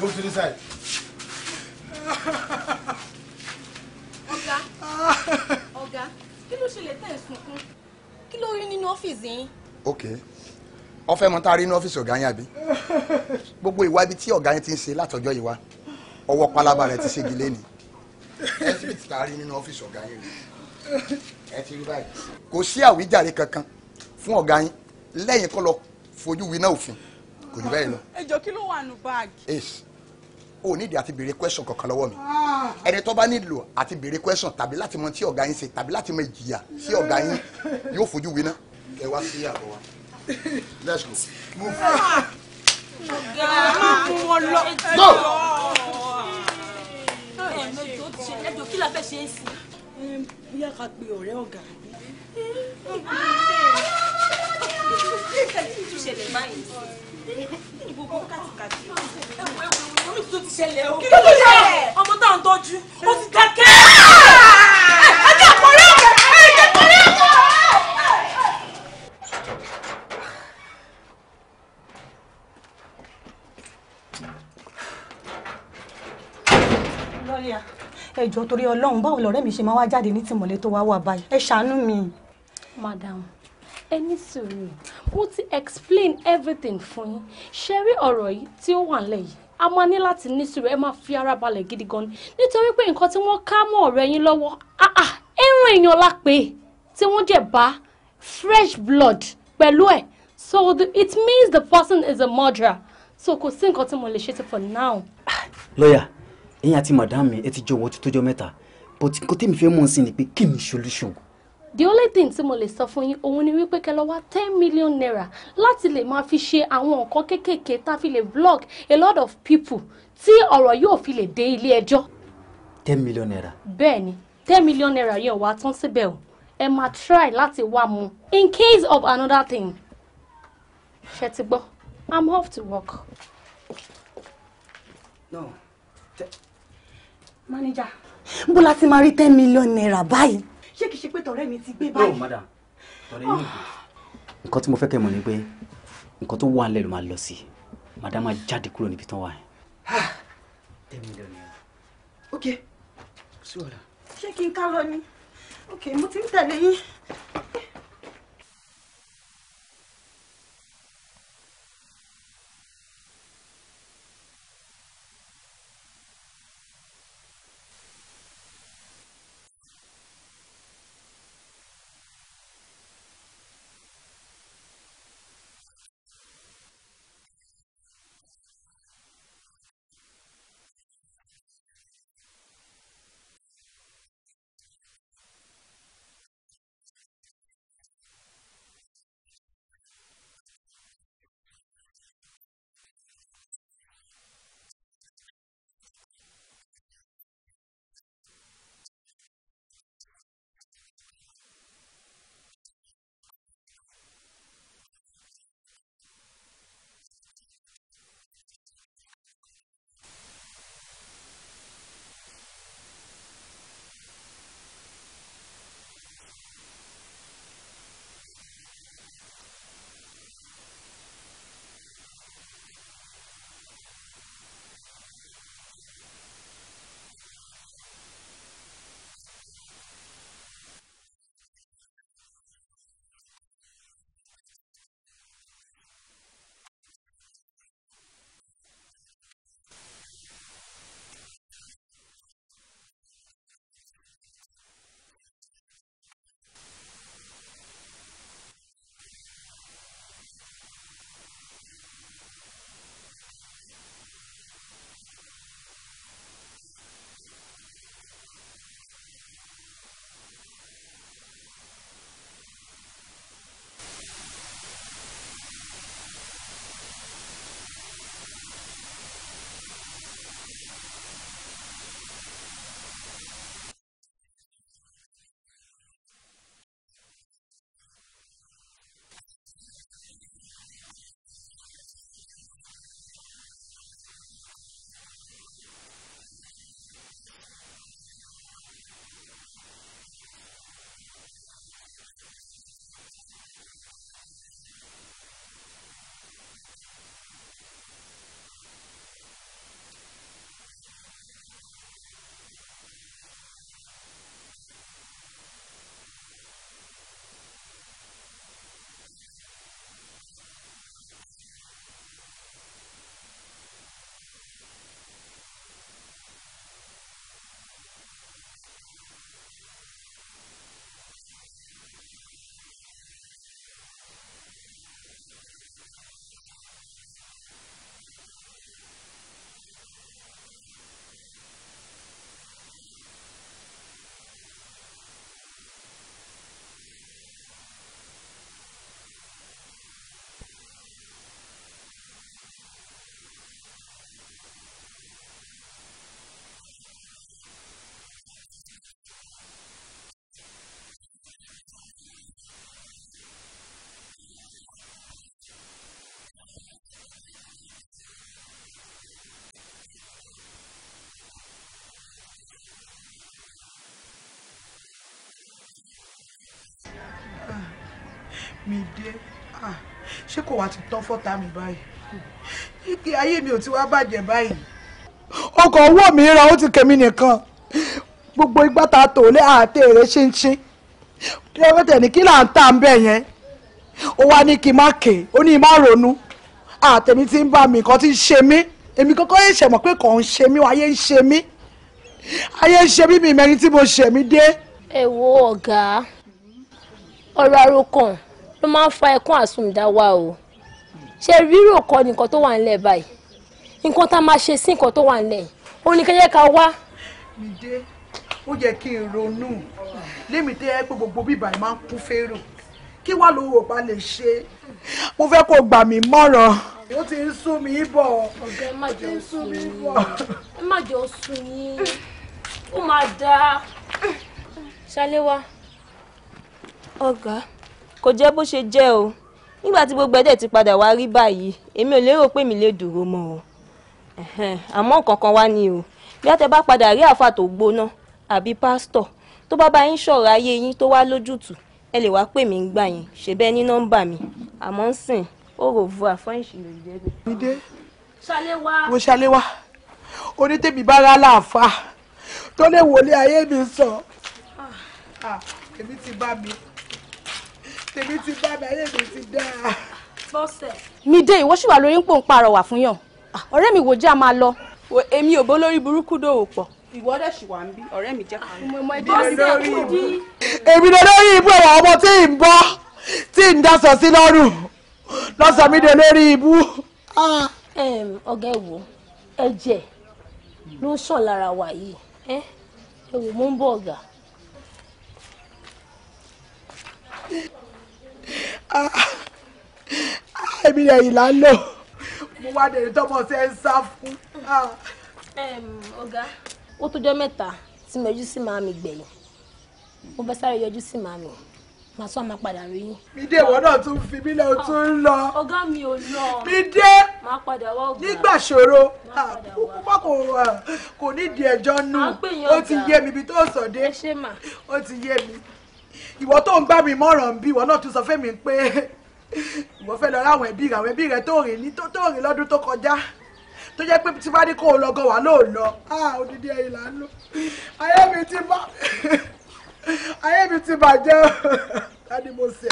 Move to the side. Ọ̀gá, ọ̀gá, kí ló ṣẹlẹ̀ tẹ́ ẹ̀ sunkún? Kí ló rí nínú ọ́fíìsì yín? Ok, ó fẹ́ mọ̀ tá a rí nínú ọ́fíìsì ọ̀gá yín àbí? Gbogbo ìwà ibi tí ọ̀gá yín ti ń ṣe látọjọ́ yìí wá, ọwọ́ pálábá rẹ̀ ti ṣègi lẹ́nu. Ẹ ti tá a rí nínú ọ́fíìsì ọ̀gá yín rí. Ẹ ti rí báyìí. Kò sí àwíjàre kankan fún ọ̀gá yín lẹ́yìn kọ́ lọ fojú winá òfin. Kò ní bẹ́ẹ̀ lọ. Ẹ jọ kí ló wà nù báàgì? o nídìí àti béèrè question kankan lọ́wọ́ mi ẹni tó bá nílò àti béèrè question tàbí láti mọ tí ọ̀gá yín ṣe tàbí láti mọ ìjìyà tí ọ̀gá yín yóò fojú winá. ẹ wá sí àbọ̀ wa let's go move. máa mú wọn lọ. go. ẹjọ kí la fẹ́ ṣe é sí. bóyá ká pe ọ̀rẹ́ ọ̀gá. kí ni ìṣẹ̀lẹ̀ báyìí kí ló ṣẹlẹ̀ ọmọ tá à ń tọ́jú ó ti dákẹ́. ẹjẹ kọrí ọkọ ẹjẹ kọrí ọkọ. lọ́ọ̀yà ẹjọ́ torí ọlọ́run báwo lọ̀rẹ́ mi ṣe máa wá jáde ní tìmọ̀lé tó wá wà báyìí ẹ ṣàánú mi. madam ẹ ní sùúrù mo ti explain everything fún yín ṣe rí ọ̀rọ̀ yìí tí ó wà nílẹ̀ yìí a máa ní láti ní sùúrù ẹ máa fi ara balẹ̀ gidi gan ni nítorí pé nǹkan tí wọ́n ká mọ́ ọ̀rẹ́ yín lọ́wọ́ ẹ̀rùn èèyàn lápè tí wọ́n jẹ̀ bá fresh blood pẹ̀lú ẹ̀ so the, it means the person is a murderer so kò sí nǹkan tí mo lè ṣe ti for now. lọ́yà ẹ̀yin àti madam mi ẹ ti jọ wọ́n ti tójọ́ mẹ́ta but nǹkan tẹ́mi fẹ́ mọ̀ sí ni pé kí ni solution the only thing tí mo lè sọ fún yín òun ni wípé kẹ́ lọ wá ten million naira láti lè máa fi ṣe àwọn nǹkan kéékèèké tá a fi lè block a lot of people tí ọ̀rọ̀ yóò fi lè dé ilé ẹjọ́. ten million naira. bẹ́ẹ̀ni ten million naira yẹn wà tán síbẹ̀ o ẹ máa try láti wá mu in case of another thing. ṣe ti gbọ́ i'm off to work. no manager bó la máa rí ten million naira báyìí ṣé kìí ṣe pé tọ̀rẹ́ mi ti gbé báyìí. no madam tọ̀rẹ́ yín gbé. nǹkan tí mo fẹ́ kẹ́ mọ̀ ni pé nǹkan tó wà nílẹ̀ ló máa lọ sí madam máa jáde kúrò níbi tán wà. tẹ̀mí lọ ni ok sí ọ̀la. ṣé kí n ká lọ ni ok mo ti ń tẹ̀lé yín. ṣé kò wá ti tán fọ́tà mi báyìí ike ayé mi ò ti wá bàjẹ́ báyìí. ọkọ̀ owó mi ra ó ti kẹ́mi nìkan gbogbo igbá ta tò lé àtẹ rẹ ṣínṣín dẹ́rẹ́tẹ̀ ní kí là ń tà ń bẹ̀ yẹn ó wá ní kí n má ké ó ní má ronú àtẹ̀mí ti ń bá mi nǹkan ti ń ṣe mí èmi kọ́kọ́ yẹn ṣẹ̀mọ̀ pé kàn ń ṣe mí wáyé ń ṣe mí ayé ń ṣe mí mi mẹ́rin tí mo ṣẹ̀mí dé. ẹ wo ọ̀gá ọ̀rọ̀ àròkàn ló máa ń fa ẹkún àsùnmùdá wa o ṣe rírò kọ́ nìkan tó wà nílẹ̀ báyìí nǹkan tá a máa ṣe sí nǹkan tó wà nílẹ̀ O ní kẹ́yẹ́ ká wá. mi ó yẹ kí n ronú tẹ́ ẹ pé gbogbo máa ń kí wàá ló wò pa lè ṣe mo fẹ́ kó gbà mí ti ń mi bọ̀ ọ̀gá ẹ má jẹ́ mi sún yín ó dáa ṣálẹ́ kò jẹ́ bó ṣe jẹ́ o nígbà tí gbogbo ẹ̀dẹ̀ ti padà wá rí báyìí èmi ò lérò pé mi lè dúró mọ́ o àmọ́ kankan wá ni o bí àtẹ bá padà rí àáfà tó gbóná àbí pásítọ̀ tó bá bá yín ṣọ̀rọ̀ ayé yín tó wá lójútùú ẹ lè wá pè mí ń gbà yín ṣe bẹ́ẹ̀ ní nọ́mbà mi àmọ́ ń sìn ó rò vu àfọ́ ìṣirò ìjẹ́bi. mi mo ṣalé wá onítẹ̀bí bára láàfà tó lè wọlé ayé mi sọ ah. Ah, èmi ti bá mi tèmi ti bá bẹ̀rẹ̀ mi ti dáa. bọ́sẹ̀. mi dé ìwọ ṣì wà lórí ń pò ń pàrọwà fún yàn ah, ọ̀rẹ́ mi wò jẹ́ a máa lọ èmi ò bó lórí burúkú dòwò pọ̀ ìwọ dẹ̀ ṣì wà ń bí ọ̀rẹ́ mi jẹ́ kàn. èmi lè lórí ibú ẹ̀wọ̀n ọmọ tí ì ń bọ́ tí ì ń dasọ̀ sí lọ́rùn lọ́sọ̀ mi lè lórí ibú. Ah. ọ̀gá ẹ̀ ẹ̀jẹ̀ ló sàn lára wa yìí ẹ wò ń bọ̀ ọ̀gá. Ah, èmi rẹ̀ yìí lálọ́ mo wá dèrè tọmọ sí ẹ ń sá fún. Ah. ọ̀gá ó tọjọ́ mẹ́ta tí mo yọjú sí màámi gbẹ̀yìn mo bẹ́ sáré yọjú sí màámi màá sọ máa padà rí yín. Mídé ìwọ náà tún fi mí lẹ́wọ̀n tún ń lọ. Ah, ọ̀gá mi ò lọ. Mídé nígbà ṣòro púpọ̀ kò kò nídìí ẹjọ́ nù ó ti yé mi ibi tó sọ̀ dé ó ti yé mi ìwọ tó ń gbà mí mọ̀ràn bí ìwọ náà tún sọ fẹ́mi pé ìwọ fẹ́ lọ ráwọn ẹbí rẹ àwọn ẹbí rẹ tó rìn ní tó rìn lọ́dún tó kọjá tó jẹ́ pé tí bá ní kó o lọ wà lóò lọ ah, odidi ẹ̀yìn là ń lò ayé mi ti bá ayé mi ti bàjẹ́ ọ́ ká mo sè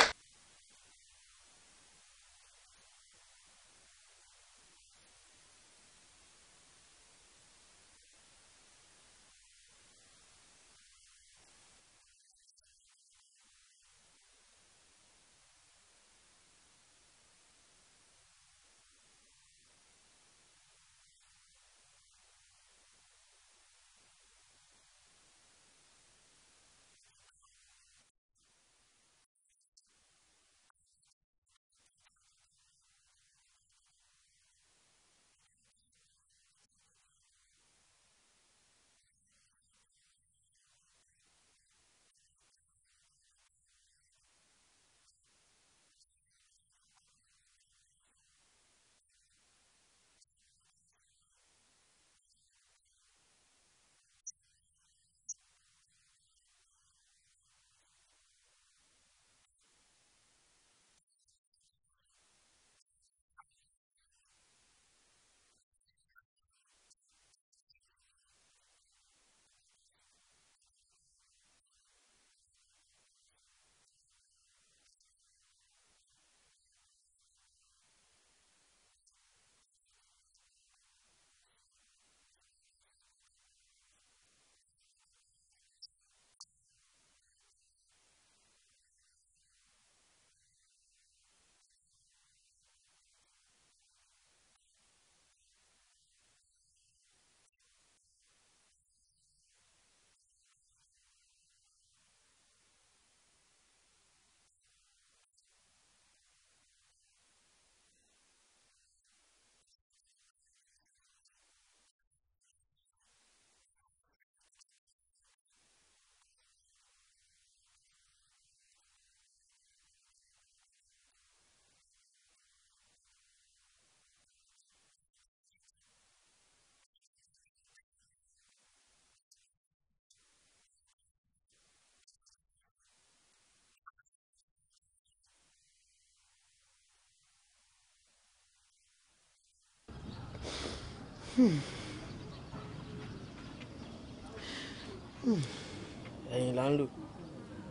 ẹ̀yìn là ń lò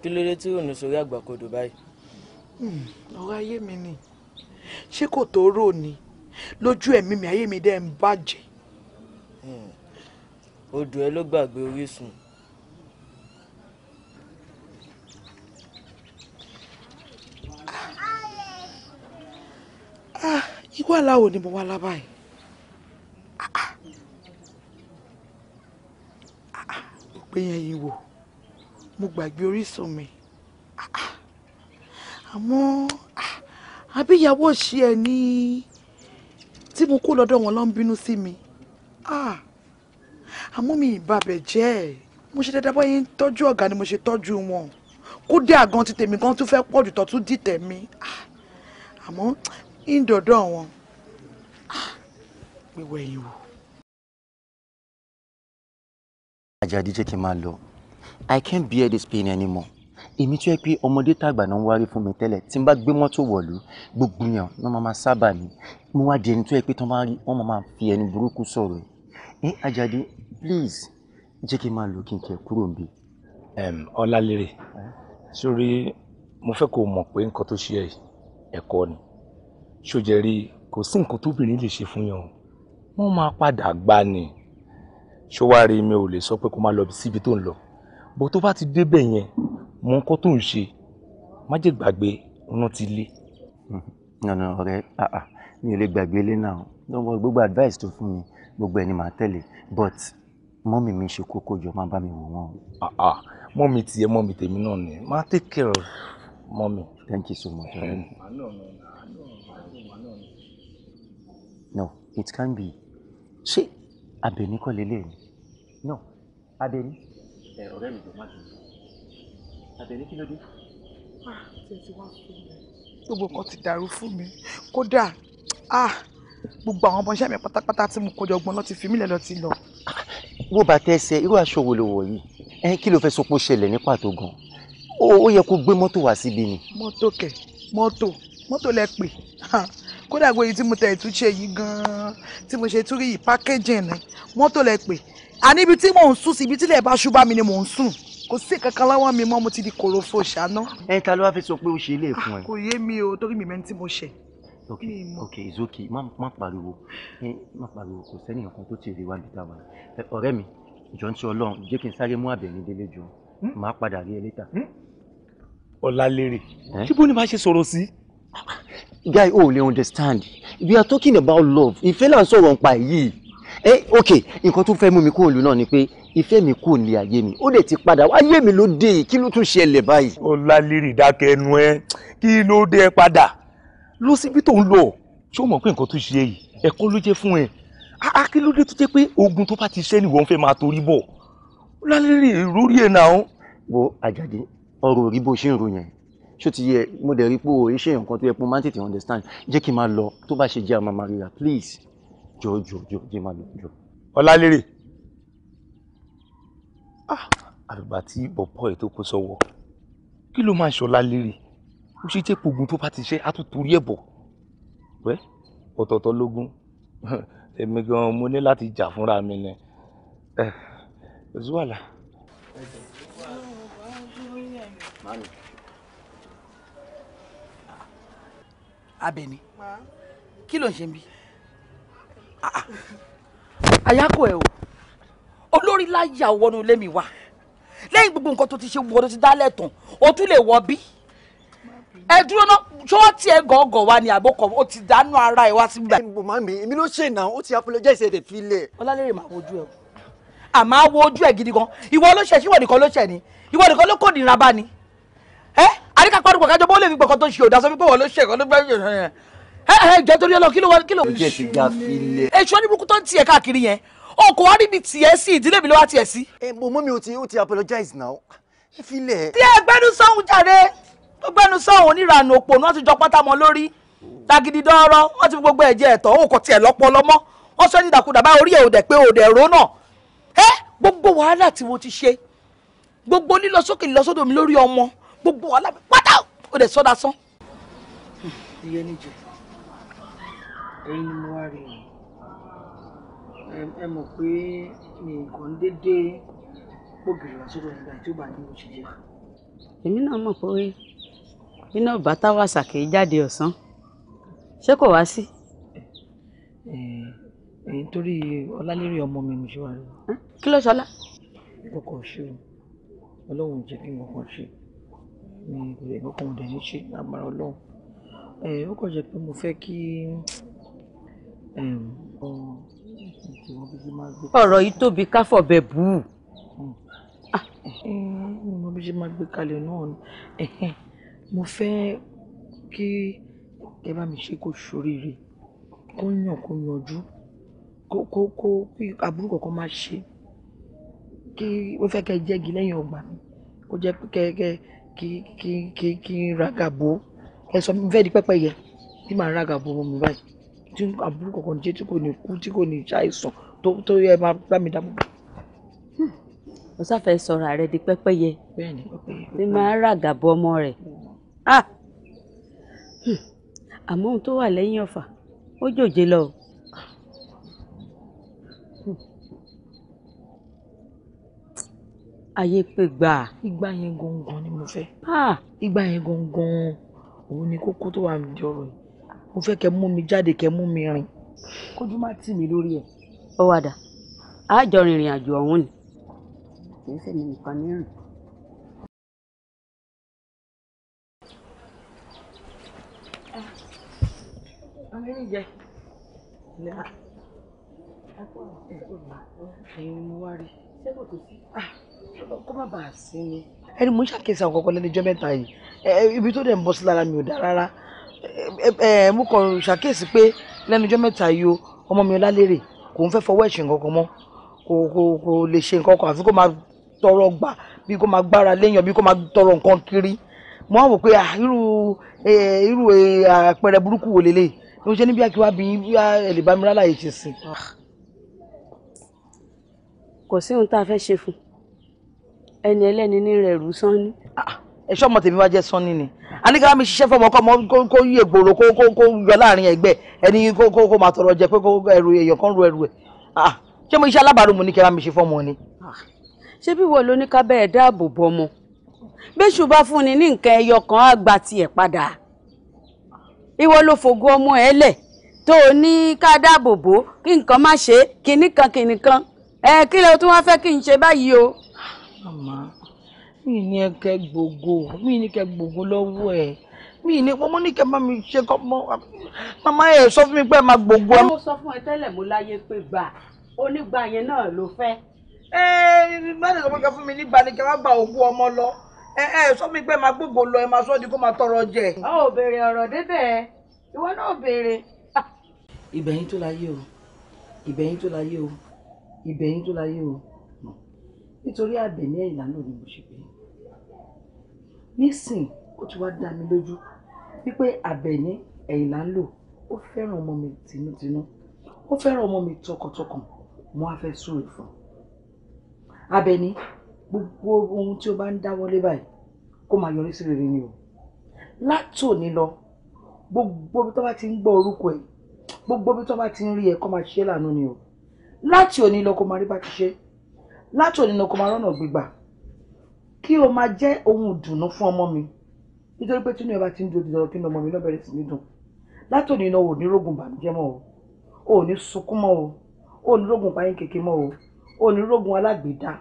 kí ló dé tí òun sórí àgbàkodò báyìí. ọ̀rọ̀ ayé mi ni ṣé kò tó rò ni lójú ẹ̀mí mi ayé mi dẹ́ ń bàjẹ́. Hmm. odò ẹ ló gbàgbé orísun. ìwà làwọn ò ní lábàáyé. pé ẹ̀yin wò mo gbàgbé orísun mi àmọ́ àbíyàwó òṣì ẹ̀ ní tí mo kó lọ́dọ̀ wọn ló ń bínú sí mi àmọ́ mi ìbàbẹ̀ jẹ́ mo ṣe dáadáa báyìí tọ́jú ọ̀gá ni mo ṣe tọ́jú wọn kódé àgan ti tèmi gan tún fẹ́ pọ̀ jù tó tún dì tèmi àmọ́ ń dọ̀dọ̀ wọn pé wẹ̀yìn wò. Ajadi jẹ́ kí n máa lọ I can't bear this pain anymore èmi tó yẹ pé ọmọdé tàgbà náà ń wárí fún mi tẹ́lẹ̀ tí n bá gbé mọ́tò wọ̀lú gbogbo yàn náà máa máa sábà ní mo wá di ẹni tó yẹ pé tán bá rí wọ́n máa fi ẹnu burúkú sọ̀rọ̀ ẹ̀ Àjàdí please jẹ́ kí n máa lọ kí n kẹ́ kúrò níbí. Ọlálérè sórí mo fẹ́ kó o mọ̀ pé nǹkan tó ṣe ẹ̀ ẹ̀kọ́ ni ṣó rí kò sí nǹkan tóbìnrin lè ṣe fún yàn wọ́n máa padà gbá ni ṣọwárí mi ò lè sọ pé kó má lọ síbi tó ń lọ bó tó bá ti débẹ̀ yẹn mọ nǹkan tó ń ṣe má jẹ́ gbàgbé ọ̀nà ti lé. ọ̀nà ọ̀rẹ́ ah, ah, mi ò lè gbàgbé ilé náà lọ́wọ́ gbogbo advice tó fún mi gbogbo ẹni màá tẹ̀lé but mọ́mì mi ṣe kókó jọ máa bá mi wò wọ́n. Ah, mọ́mì tiẹ̀ mọ́mì tèmi náà ni máa take care of mọ́mì. thank you so much. no it can be ṣé àbẹ̀ní kọ́ lélẹ́yìn. Adeni. ẹ̀rọ rẹ̀ mi jọ má dùn. Adeni kí ló dé? Ah, gbogbo nǹkan ti dàrú fún mi kódà ah, gbogbo àwọn ọmọọṣẹ́ mi pátápátá tí mo kọjọ ọgbọ́n lọ ti fi mílẹ̀ lọ ti lọ. wo bàtà ẹsẹ̀ irú aṣọ wo ló wọ̀ yìí ẹ kí ló fẹ́ sọ pé ó ṣẹlẹ̀ ní pàtó gan ó yẹ kó gbé mọ́tò wá síbi ni. mọ́tò kẹ̀ mọ́tò mọ́tò lẹ pè kódà gbogbo èyí tí mo tẹ̀ tún ṣe yìí gan-an tí mo ṣe tún rí yìí pákéjì ni mọ́tò lẹ pè àní ibi tí mò ń sùn sí ibi tílẹ̀ bá ṣú mi ni mò ń sùn kò sí kankan láwọn mi mọ́ mo ti di kòròfo ṣáná. ẹ ta ló wá fi sọ pé ó ṣe ilé fún ẹ. Ah, kò yé mi o torí mi mẹ́ni tí mo ṣe. ok ok it's má má pariwo má pariwo kò sẹ́ni nǹkan tó ti rí wa níta wa ọ̀rẹ́ mi jọ ń sọ ọlọ́run jẹ́ kí n sáré mú àbẹ̀ ní délé jọ hmm? màá padà rí ẹ létà. Hmm? ọ̀làlérè ṣé bó ni ṣe sọ̀rọ̀ sí. guy o oh, le understand we are talking about love ìfẹ́ là ń sọ̀rọ̀ nípa èyí eh ok nǹkan tó fẹ́ mú mi kúrò lù náà ni pé ìfẹ́ mi kúrò ní ayé mi ó dẹ̀ ti padà wá ayé mi ló dé yìí kí ló tún ṣẹlẹ̀ báyìí. ó lálérì dákẹ́ ẹnu ẹ kí ló dé ẹ padà lọ síbi tó ń lọ ṣé o mọ̀ pé nǹkan tó ṣe yìí ẹ̀kọ́ ló jẹ́ fún ẹ á kí ló dé tó jẹ́ pé ogun tó bá ti ṣẹ́ nìwọ̀n fẹ́ máa torí bọ̀ ó lálérì ìrúrí ẹ̀ náà. wo àjàdé ọ̀rọ̀ òrí bó ṣe ń ro yẹn ṣó ti yẹ mo dẹ̀ rí pé òye ṣe understand jẹ́ kí n máa lọ tó bá ṣe jẹ́ please jọ jọ jọ jẹ máa lọ jọ ọlálérè ah, àgbà tí bọ̀pọ̀ ẹ̀ tó kó sọ́wọ́ kí ló máa ṣọlá lérè ó ṣe jẹ́ pogun tó bá ti ṣe àtútorí ẹ̀ bọ̀ wẹ́ ọ̀tọ̀ọ̀tọ̀ lógún èmi gan mo ní láti jà fúnra mi ni ẹ ẹ zuwala. kí ló ń ṣe ń bí àyákò ẹ o olórí láyà wọnú ilé mi wá lẹ́yìn gbogbo nǹkan tó ti ṣe wọ́n tó ti dálẹ̀ tán o tún lè wọ bí ẹ dúró náà ṣọ́ọ̀tì ẹ gọ̀ọ̀gọ̀ wa ni àbókọ̀ o ti dánú ara ẹ wá síbẹ̀. màmí èmi ló ṣe ó ti apologize ẹ̀dẹ̀ fi lẹ̀. ọlálẹ́rẹ̀ máa wojú ẹ o àmọ́ á wo ojú ẹ gidi gan ìwọ ló ṣẹ̀ nìkan ló ni ìwọ nìkan ló kò nira bá ni. ẹ àríkà pàdùpọ̀ kájọ bó lè fi gbọ̀kan tó ṣe òdà sọ fún ló ṣẹ̀ kan ló bẹ́ẹ̀ ẹ ẹ jẹ́ torí ọlọ́ kí ló wá kí ló. ojú ẹ ti ga file. èso oníbùkún tó ń tiẹ̀ káàkiri yẹn o kò wá níbi tiẹ̀ sí ìdílé mi ló wá tiẹ̀ sí. ẹ mo mú mi o ti o ti apologize now ẹ fi lẹ. tí ẹ gbẹnu sọhùn jàre tó gbẹnu sọhùn onírànà òpó náà ti jọ pátá mọ lórí dagidi dọ́rọ́ wọ́n ti fi gbogbo ẹ̀jẹ̀ ẹ̀tọ́ òkò tiẹ̀ lọ́pọlọ mọ́ wọ́n sọ ní ìdàkudà bá orí ẹ̀ òdẹ̀ pé òdẹ̀ ró náà ẹ gbogbo wàhálà tí mo ti ṣe gbogbo lílọsókè lílọsódò mi lórí ọmọ gbogbo wàhálà mi pátá òdẹ̀ sọ́dá sán. ìyẹn níjẹ ẹ̀yin ni mo wá rí i ẹ mọ̀ pé mi nǹkan dédé gbògìrì wá sódò nígbà tí ó bá ní mo ṣe jẹ. èmi náà mọ̀ pé iná bàtà wàṣà kì í jáde ọ̀sán ṣé kò wá sí. ẹ̀yin torí ọlálérè ọmọ mi mo ṣe wá rí i. kí ló ṣọlá. ọkọ̀ ṣe o ọlọ́run jẹ́ kí n kọ̀ọ̀kan ṣe mi kò lè agbára ọlọ́run ó kàn jẹ́ pé mo fẹ́ kí. Ki Mm. ọ̀rọ̀ yìí tóbi káfọ̀bẹ̀ bù ú. mo mm. ah, eh, bí ṣe máa gbé kalẹ̀ náà ni mo fẹ́ kí ẹ bá mi ṣe kó ṣoríire kó yàn kó yanjú kó kó kí aburú kankan má ṣe kí ó fẹ́ kẹ́ jẹ́gi lẹ́yìn ọgbà mi kó jẹ́ kẹ́ kẹ́ kí kí kí kí ragàbó ẹ sọ fẹ́ di pẹ́pẹ́ yẹ bí màá ragàbó mi báyìí tí àbúrò kankan jẹ́ tí kò ní kú tí kò ní ṣàìsàn tó tó yẹ máa bá mi dáàbò. Hmm. mo sáfẹ́ sọ̀rọ̀ rẹ di pẹ́pẹ́yẹ bẹ́ẹ̀ni pẹ́pẹ́yẹ mi máa ń ràgàbọ̀ ọmọ rẹ̀ ah! hmm. àmọ́ ohun tó wà lẹ́yìn ọ̀fà ó jòjé lọ. Hmm. ayé pé gbà. ìgbà yẹn gangan ni mo fẹ́. Ah! ìgbà yẹn gangan òun ni kókó tó wà nídìí ọ̀rọ̀ yìí mo fẹ́ kẹ́ mú mi jáde kẹ́ mú mi rìn kójú má tì mí lórí ẹ̀. ó wá dà á jọ rìnrìn àjò ọ̀hún ni. kì í sèmi nìkan ní rìn. Ah, ọmọ yìí jẹ ẹyin mo wá rí ah, kó má bàa sí ni. ẹni mo ń ṣàkíyèsí àwọn kọ̀ọ̀kan lẹ́nu ijọ́ mẹ́ta yìí ibi tó dẹ̀ ń bọ́ sí lára mi ò dá rárá ẹ mú kàn ṣàkíyèsí pé lẹ́nu ọjọ́ mẹ́ta yìí o ọmọ mi ọlálérè kò ń fẹ́ fọwọ́ ẹ̀sìn kankan mọ́ kò kò kò lè ṣe nǹkan kan àfi kó máa tọrọ gbà bí kó máa gbára léèyàn bí kó máa tọrọ nǹkan kiri mo wá wò pé irú irú àpẹẹrẹ burúkú wò lélẹ̀ ló ń ṣe níbi àkíwá bí ẹlẹ́bàmírà láyé ṣe sí. kò sí ohun tá a fẹ́ ṣe fún ẹni ẹlẹ́ni ní rẹ̀ rú sán ni. Ah, ẹ̀ṣọ́ ọmọ tèmi wá jẹ́ sanni ni aníkàwá mi ṣiṣẹ́ fọmọ kọ́ ọmọ kó yí ègbòrò kó kó kó yọ láàrin ẹgbẹ́ ẹni kó kó kó máa tọrọ jẹ pé kó ẹrù èèyàn kan ru ẹrù ẹ̀ ah ṣé mo iṣẹ́ alábàárò mo ní kẹ́ra mi ṣe fọmọ ni. Ah, ṣé bí wo ló ní ká bẹ́ẹ̀ dáàbò bo ọmọ bẹ́ṣù bá fún ni ní nǹkan ẹyọ kan á gba tiẹ̀ padà ìwọ ló fògo ọmọ ẹ lẹ̀ tó o ní ká dáàbò bò kí nǹkan má ṣe kìnnìkan kìnnìkan ẹ kí lóò tún wá fẹ́ kí n ṣe báyìí o mi ní ẹkẹ gbogbo mi ní kẹ gbogbo lọ́wọ́ ẹ mi ní mo ní kẹ má mi ṣe kọ mọ màmá ẹ sọ fún mi pé má gbogbo ẹ. mo sọ fún ẹ tẹ́lẹ̀ mo láyé pé gbà onígbà yẹn náà ló fẹ́. ẹ ẹ má lè sọ pé kẹ fún mi nígbà ni kẹ má gba òkú ọmọ lọ ẹ ẹ sọ mi pé má gbogbo lọ ẹ má sọ di kó má tọrọ jẹ. ọ ò béèrè ọ̀rọ̀ débẹ̀ ìwọ náà béèrè. ìbẹ̀yìn tó láyé o ìbẹ̀yìn tó láyé o ìbẹ̀yìn tó láyé o nítorí àbẹ̀mí ẹ̀yìn lánàá ni mo ṣe pé nísìn ó ti wá dá mi lójú wípé àbẹ̀ní ẹ̀yìn là ń lò ó fẹ́ràn ọmọ mi tinútinú ó fẹ́ràn ọmọ mi tọkàntọkàn mo á fẹ́ súre fún un àbẹ̀ní gbogbo ohun tí ó bá ń dáwọ́lé báyìí kó máa yọrí sí rere ni o látòní lọ gbogbo bí tó bá ti ń gbọ́ orúkọ ẹ̀ gbogbo bí tó bá ti ń rí ẹ̀ kó máa ṣe é lànà ni o láti òní lọ kó máa rí bá ti ṣe láti lọ kó máa rọ́nà gbígbà kí o máa jẹ́ ohun ìdùnnú fún ọmọ mi nítorí pé tínú ẹ bá ti ń dojú lọ kí ni ọmọ mi náà bẹ̀rẹ̀ sí ní dùn látòní iná ò ní rógun bànújẹ́ mọ́ o ò ní sunkún mọ́ o ò ní rógun payín kékeré mọ́ o ò ní rógun alágbèédá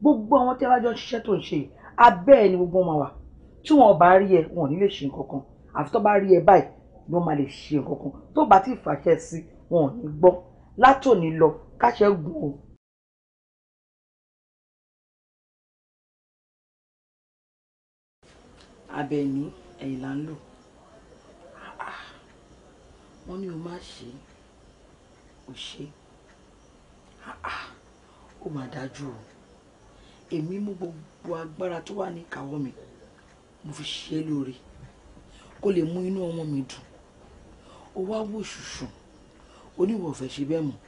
gbogbo àwọn tí a bá jọ ṣiṣẹ́ tó ń ṣe abẹ́ ẹ ni gbogbo wọn wà tí wọn bá rí ẹ wọn ò ní lè ṣe nǹkan kan àfi tó bá rí ẹ báyìí ló máa lè ṣe nǹkan kan tó bá ti fàṣẹ sí wọn ò ní gbọ́ látòní lọ káṣẹ́ gùn o abẹ́ni ẹ̀yìn là ń lò wọ́n ní o má ṣe o ṣe ó mà dájú o èmi mú gbogbo agbára tó wà ní ìkáwọ́ mi mo fi ṣe é lóore kó lè mú inú ọmọ mi dùn ó wá wò ṣùṣù oníwọ̀ fẹ́ ṣe bẹ́ẹ̀ mọ̀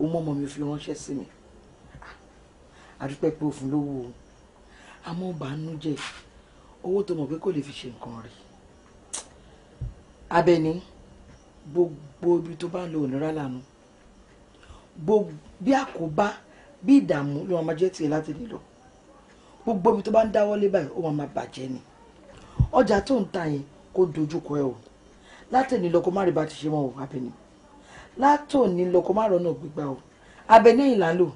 ó mọ́ ọmọ mi fi ránṣẹ́ sí mi àdúpẹ́ pé òfin ló wù ú àmọ́ bàánú jẹ́ owó tó mọ̀ pé kò lè fi ṣe nǹkan rẹ̀ abẹni gbogbo ibi tó bá ń lo òníra lànà bí àkóbá bí ìdààmú ló máa jẹ́ tiẹ̀ láti nílò gbogbo ibi tó bá ń dáwọ́lé báyìí ó máa bàjẹ́ ni ọjà tó ń ta yẹn kó dojúkọ ẹ o látòní lọ kó má rí bá ti ṣe mọ́ o abẹni látòní lọ kó má rọ́nà gbígbà o abẹni ẹ̀yìn là ń lò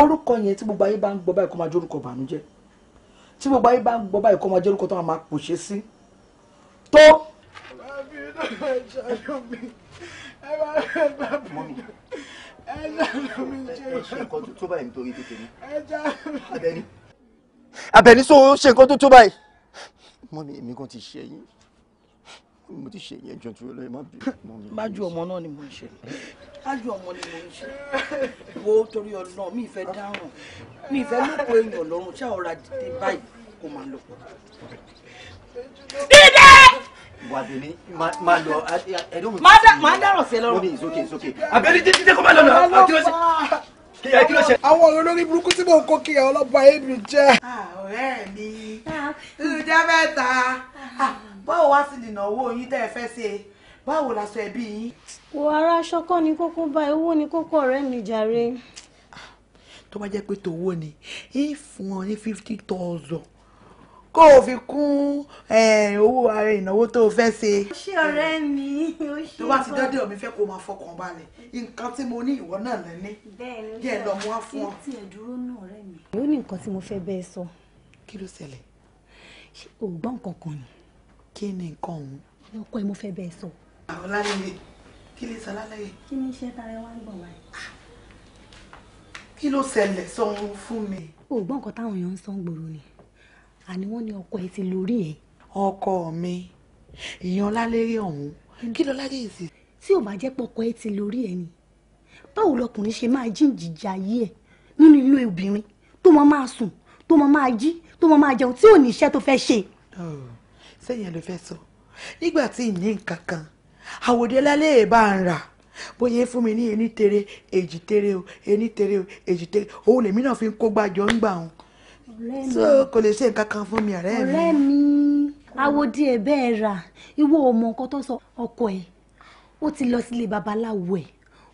orúkọ yẹn tí gbogbo ayé bá ń gbọ́ báyìí kó máa jórúkọ bànújẹ́ tí gbogbo ayé bá ń gbọ́ báyìí kọ́ máa jẹ́ orúkọ tó máa máa pòṣe sí tó. Abẹ́ni so ṣe nǹkan tó tó báyìí mọ́mí èmi kan ti ṣe yín mo ti ṣe yẹn jọ tí ó lè má bí ọmọ mi. bájú ọmọ náà ni mo ń ṣe bájú ọmọ ni mo ń ṣe wo torí ọlọ́run mi ìfẹ́ dáràn mi ìfẹ́ lóko èèyàn lọ́rùn tí àwọn ọ̀rá dìde báyìí kò máa lọ. dídá. wàdìní máa lọ ẹdún. máa dáràn sí ẹ lọ́rùn. omi ìsókè ìsókè abẹ́rẹ́ dídí dídí kó máa lọ àwọn ọ̀rọ̀ lórí burúkú tí mò ń kó kí ẹ ọlọ́ba èmi jẹ́. Ah, ọ̀rẹ́ mi ìjẹ́ mẹ́ta ah, báwo wá sí ìnáwó yín tẹ́ ẹ fẹ́ ṣe báwo la sọ ẹbí yín. wo ara aṣọ kọ́ ni kókó báyìí owó ni kókó ọ̀rẹ́ mi jàre. tó bá jẹ́ pé tòwó ni ń fún ọ ní fifty thousand kó o fi kún owó ara ìnáwó tó o fẹ́ ṣe. ó ṣe ọ̀rẹ́ mi ó ṣe ọ̀rẹ́ mi. tó bá ti dọ́dẹ̀ mi fẹ́ kó o máa fọkàn balẹ̀ nǹkan tí mo ní ìwọ náà lẹ́ni díẹ̀ lọ mú wá fún ọ. kí n tiẹ̀ dúró náà ọ̀rẹ́ mi. ó ní nǹkan tí mo fẹ́ bẹ́ẹ̀ sọ. kí ló ṣẹlẹ̀. ṣé o gbọ́ nǹkan ni kí ni nǹkan ọ̀hún. ọkọ ẹ mo fẹ́ bẹ́ẹ̀ sọ. àwọn kí lè sọ kí ni iṣẹ́ tara wa ń gbọ̀ wá ah, kí ló ṣẹlẹ̀ sọ̀hún fún mi. o nǹkan táwọn èèyàn ń sọ gbòòrò ni àní wọ́n ní ọkọ ẹ ti lórí ẹ̀. ọkọ mi ìyan lálẹ́ ọ̀hún hmm. kí ló lálẹ́ yìí tí ò bá jẹ́ pọkọ ẹ ti lórí ẹ ni báwo lọkùnrin ṣe máa jíǹjìjì ayé ẹ nínú ilé obìnrin tó mọ máa sùn tó mọ máa jí tó mọ máa jẹun tí ò ní iṣẹ́ tó fẹ́ ṣe. Oh sẹ́yìn ló fẹ́ sọ nígbà tí ìní nǹkan kan àwòdé lálẹ́ bá ń rà bóyá fún mi ní ení tere èjì tere o ení tere o èjì tere òun lèmi náà fi ń kó gbàjọ ń gbà wọn so kò lè ṣe nǹkan kan fún mi ọ̀rẹ́ mi. ọ̀rẹ́ mi àwòdé ẹ̀ bẹ́ẹ̀ rà ìwọ ò mọ nǹkan tó sọ ọkọ ẹ̀ ó ti lọ sílé babaláwo ẹ̀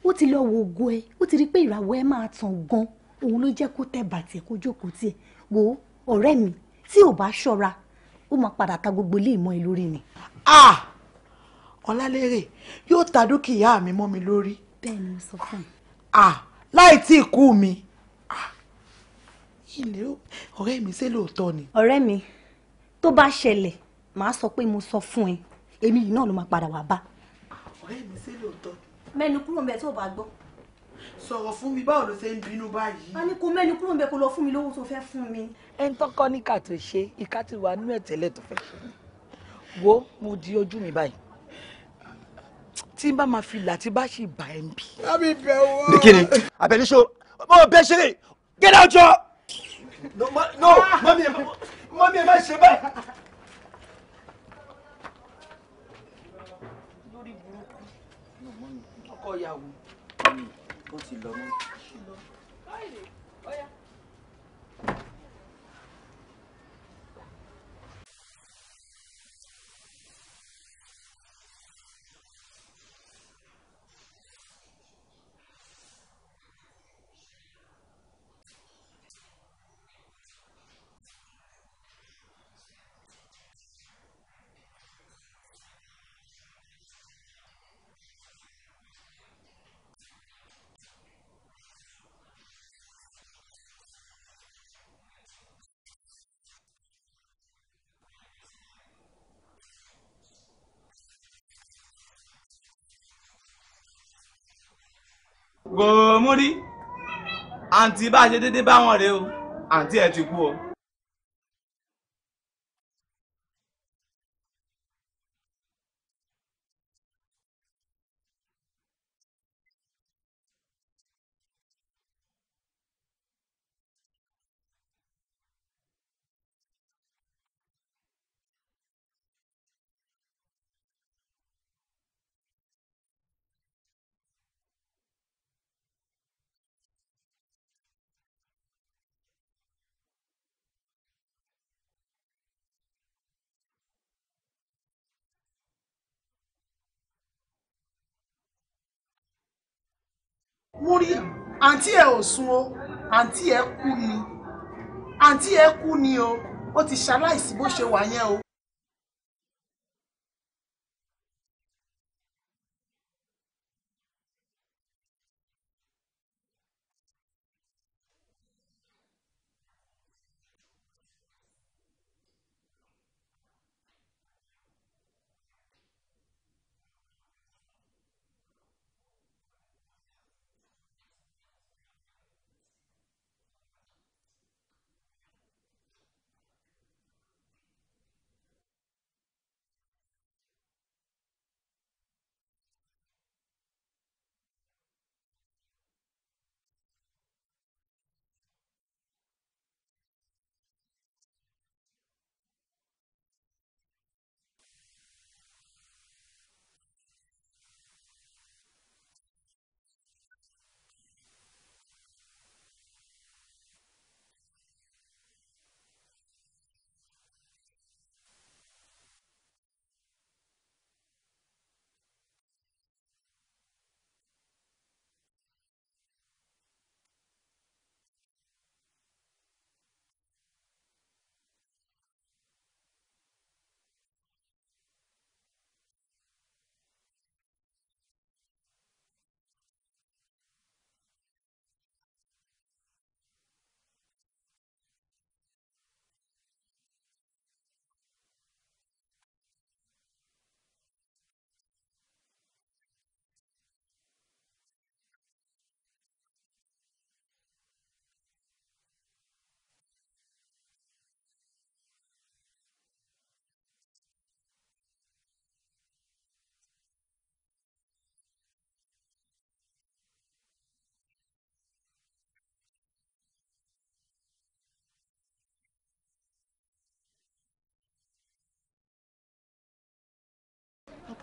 ó ti lọ wo ògo ẹ̀ ó ti rí pé ìràwọ̀ ẹ̀ máa tàn gan òun ló jẹ́ kó tẹ̀ bàtì ẹ̀ kó jókòó tiẹ̀ wò ọ̀rẹ́ mi tí ò bá ṣọ́ra ó máa padà ta gbogbo ilé ìmọ̀ ẹ lórí ni. ah ọlálérè yóò ta dúkìá mi mọ́ mi lórí. bẹ́ẹ̀ ni mo sọ fún un. ah láì tí ì kú mi. ilé ọ̀rẹ́ mi ṣé lóòótọ́ ni. ọ̀rẹ́ mi tó bá ṣẹlẹ̀ màá sọ pé mo sọ fún ẹ èmi yìí náà ló máa padà wá bá. ọ̀rẹ́ mi ṣé lóòótọ́. mẹ́nu kúrò mẹ́ẹ̀ tó o bá gbọ́ sọ̀rọ̀ fún mi báwo ló ṣe ń bínú báyìí. a ní kó mẹ́ni kúrò níbẹ̀ kó lọ fún mi lówó tó fẹ́ fún mi. ẹni tó kọ́ ní ká tó ṣe ìka ti wà nínú ẹ̀ tẹ́lẹ̀ tó fẹ́ ṣe wo mo di ojú mi báyìí tí n bá máa fi là bá sì bà ẹ́ ń bì. lábì bẹ̀ wọ́. ní kíni abẹnisọ mo bẹ ṣeré gẹ́dá ọjọ́. no mami mami ẹ má ṣe báyìí. lórí burúkú ọkọ ìyàwó. 几个吗？gòmúrí àǹtí bá ṣe déédéé bá wọn rèé o àǹtí ẹ ti kú o. kú rí àǹtí ẹ ò sun o àǹtí ẹ kú ni àǹtí ẹ kú ni o ó ti ṣaláìsí bó ṣe wà yẹn o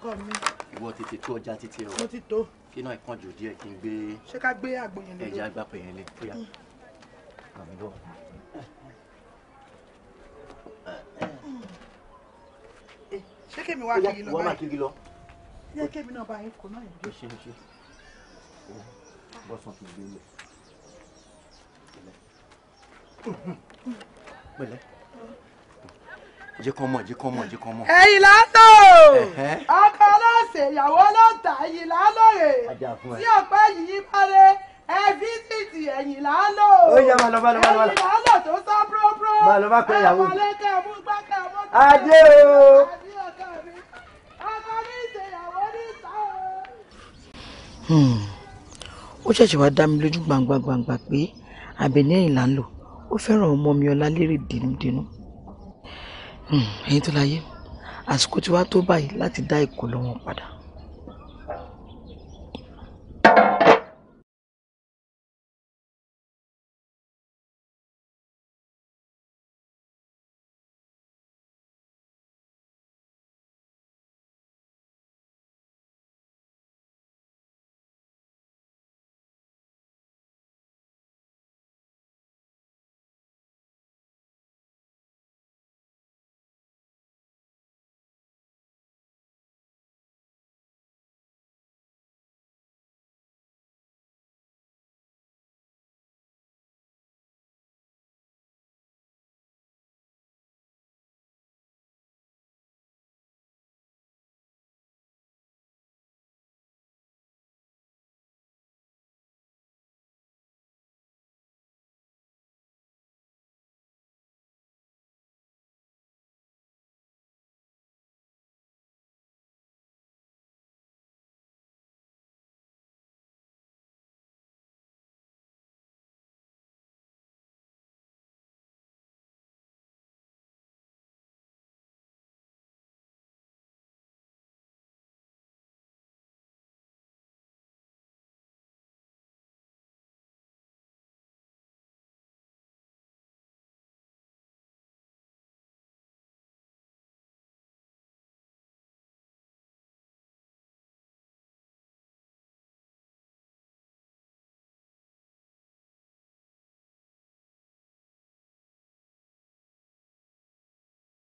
ọkọ mi. ìwọ tètè tó ọjà títí o. mo ti tó. kí náà ìkànjù díẹ̀ kí n gbé. ṣé ká gbé àgbo yẹn lé. ẹja agbápẹ yẹn lé ṣé kèmi wá kiri lọ báyìí. ṣé kèmi náà bá yín náà yẹn. ó ṣe é ti gbé lẹ̀. pẹ̀lẹ́ jẹ́ kọ́ mọ̀ jẹ́ kọ́ mọ̀ jẹ́ kọ́ mọ̀. ẹ̀yìn látọ̀ ọkọ lọ́sẹ̀ ìyàwó lọ́tà ẹ̀yìn lálọ́rẹ̀ tí ọ̀pẹ́ yìí bá rẹ̀ ẹ fíìsìtì ẹ̀yìn lálọ́ ẹ̀yìn lálọ́ tó sọ púrópúró ẹ wọlé kẹ́ mú gbá kẹ́ mú kẹ́ adé o ọkọ mi ọkọ mi ṣe ìyàwó ní ìta o. Hmm. ó ṣẹ̀ṣẹ̀ wá dá mi lójú gbangba gbangba pé àbẹ̀ní ẹ̀yìn là ń lò ó fẹ́ràn ọmọ mi ọlá lérè dínúdínú ẹ̀yin hmm, tó láyé àsìkò tí wàá tó báyìí láti dá ìkólọ wọn padà.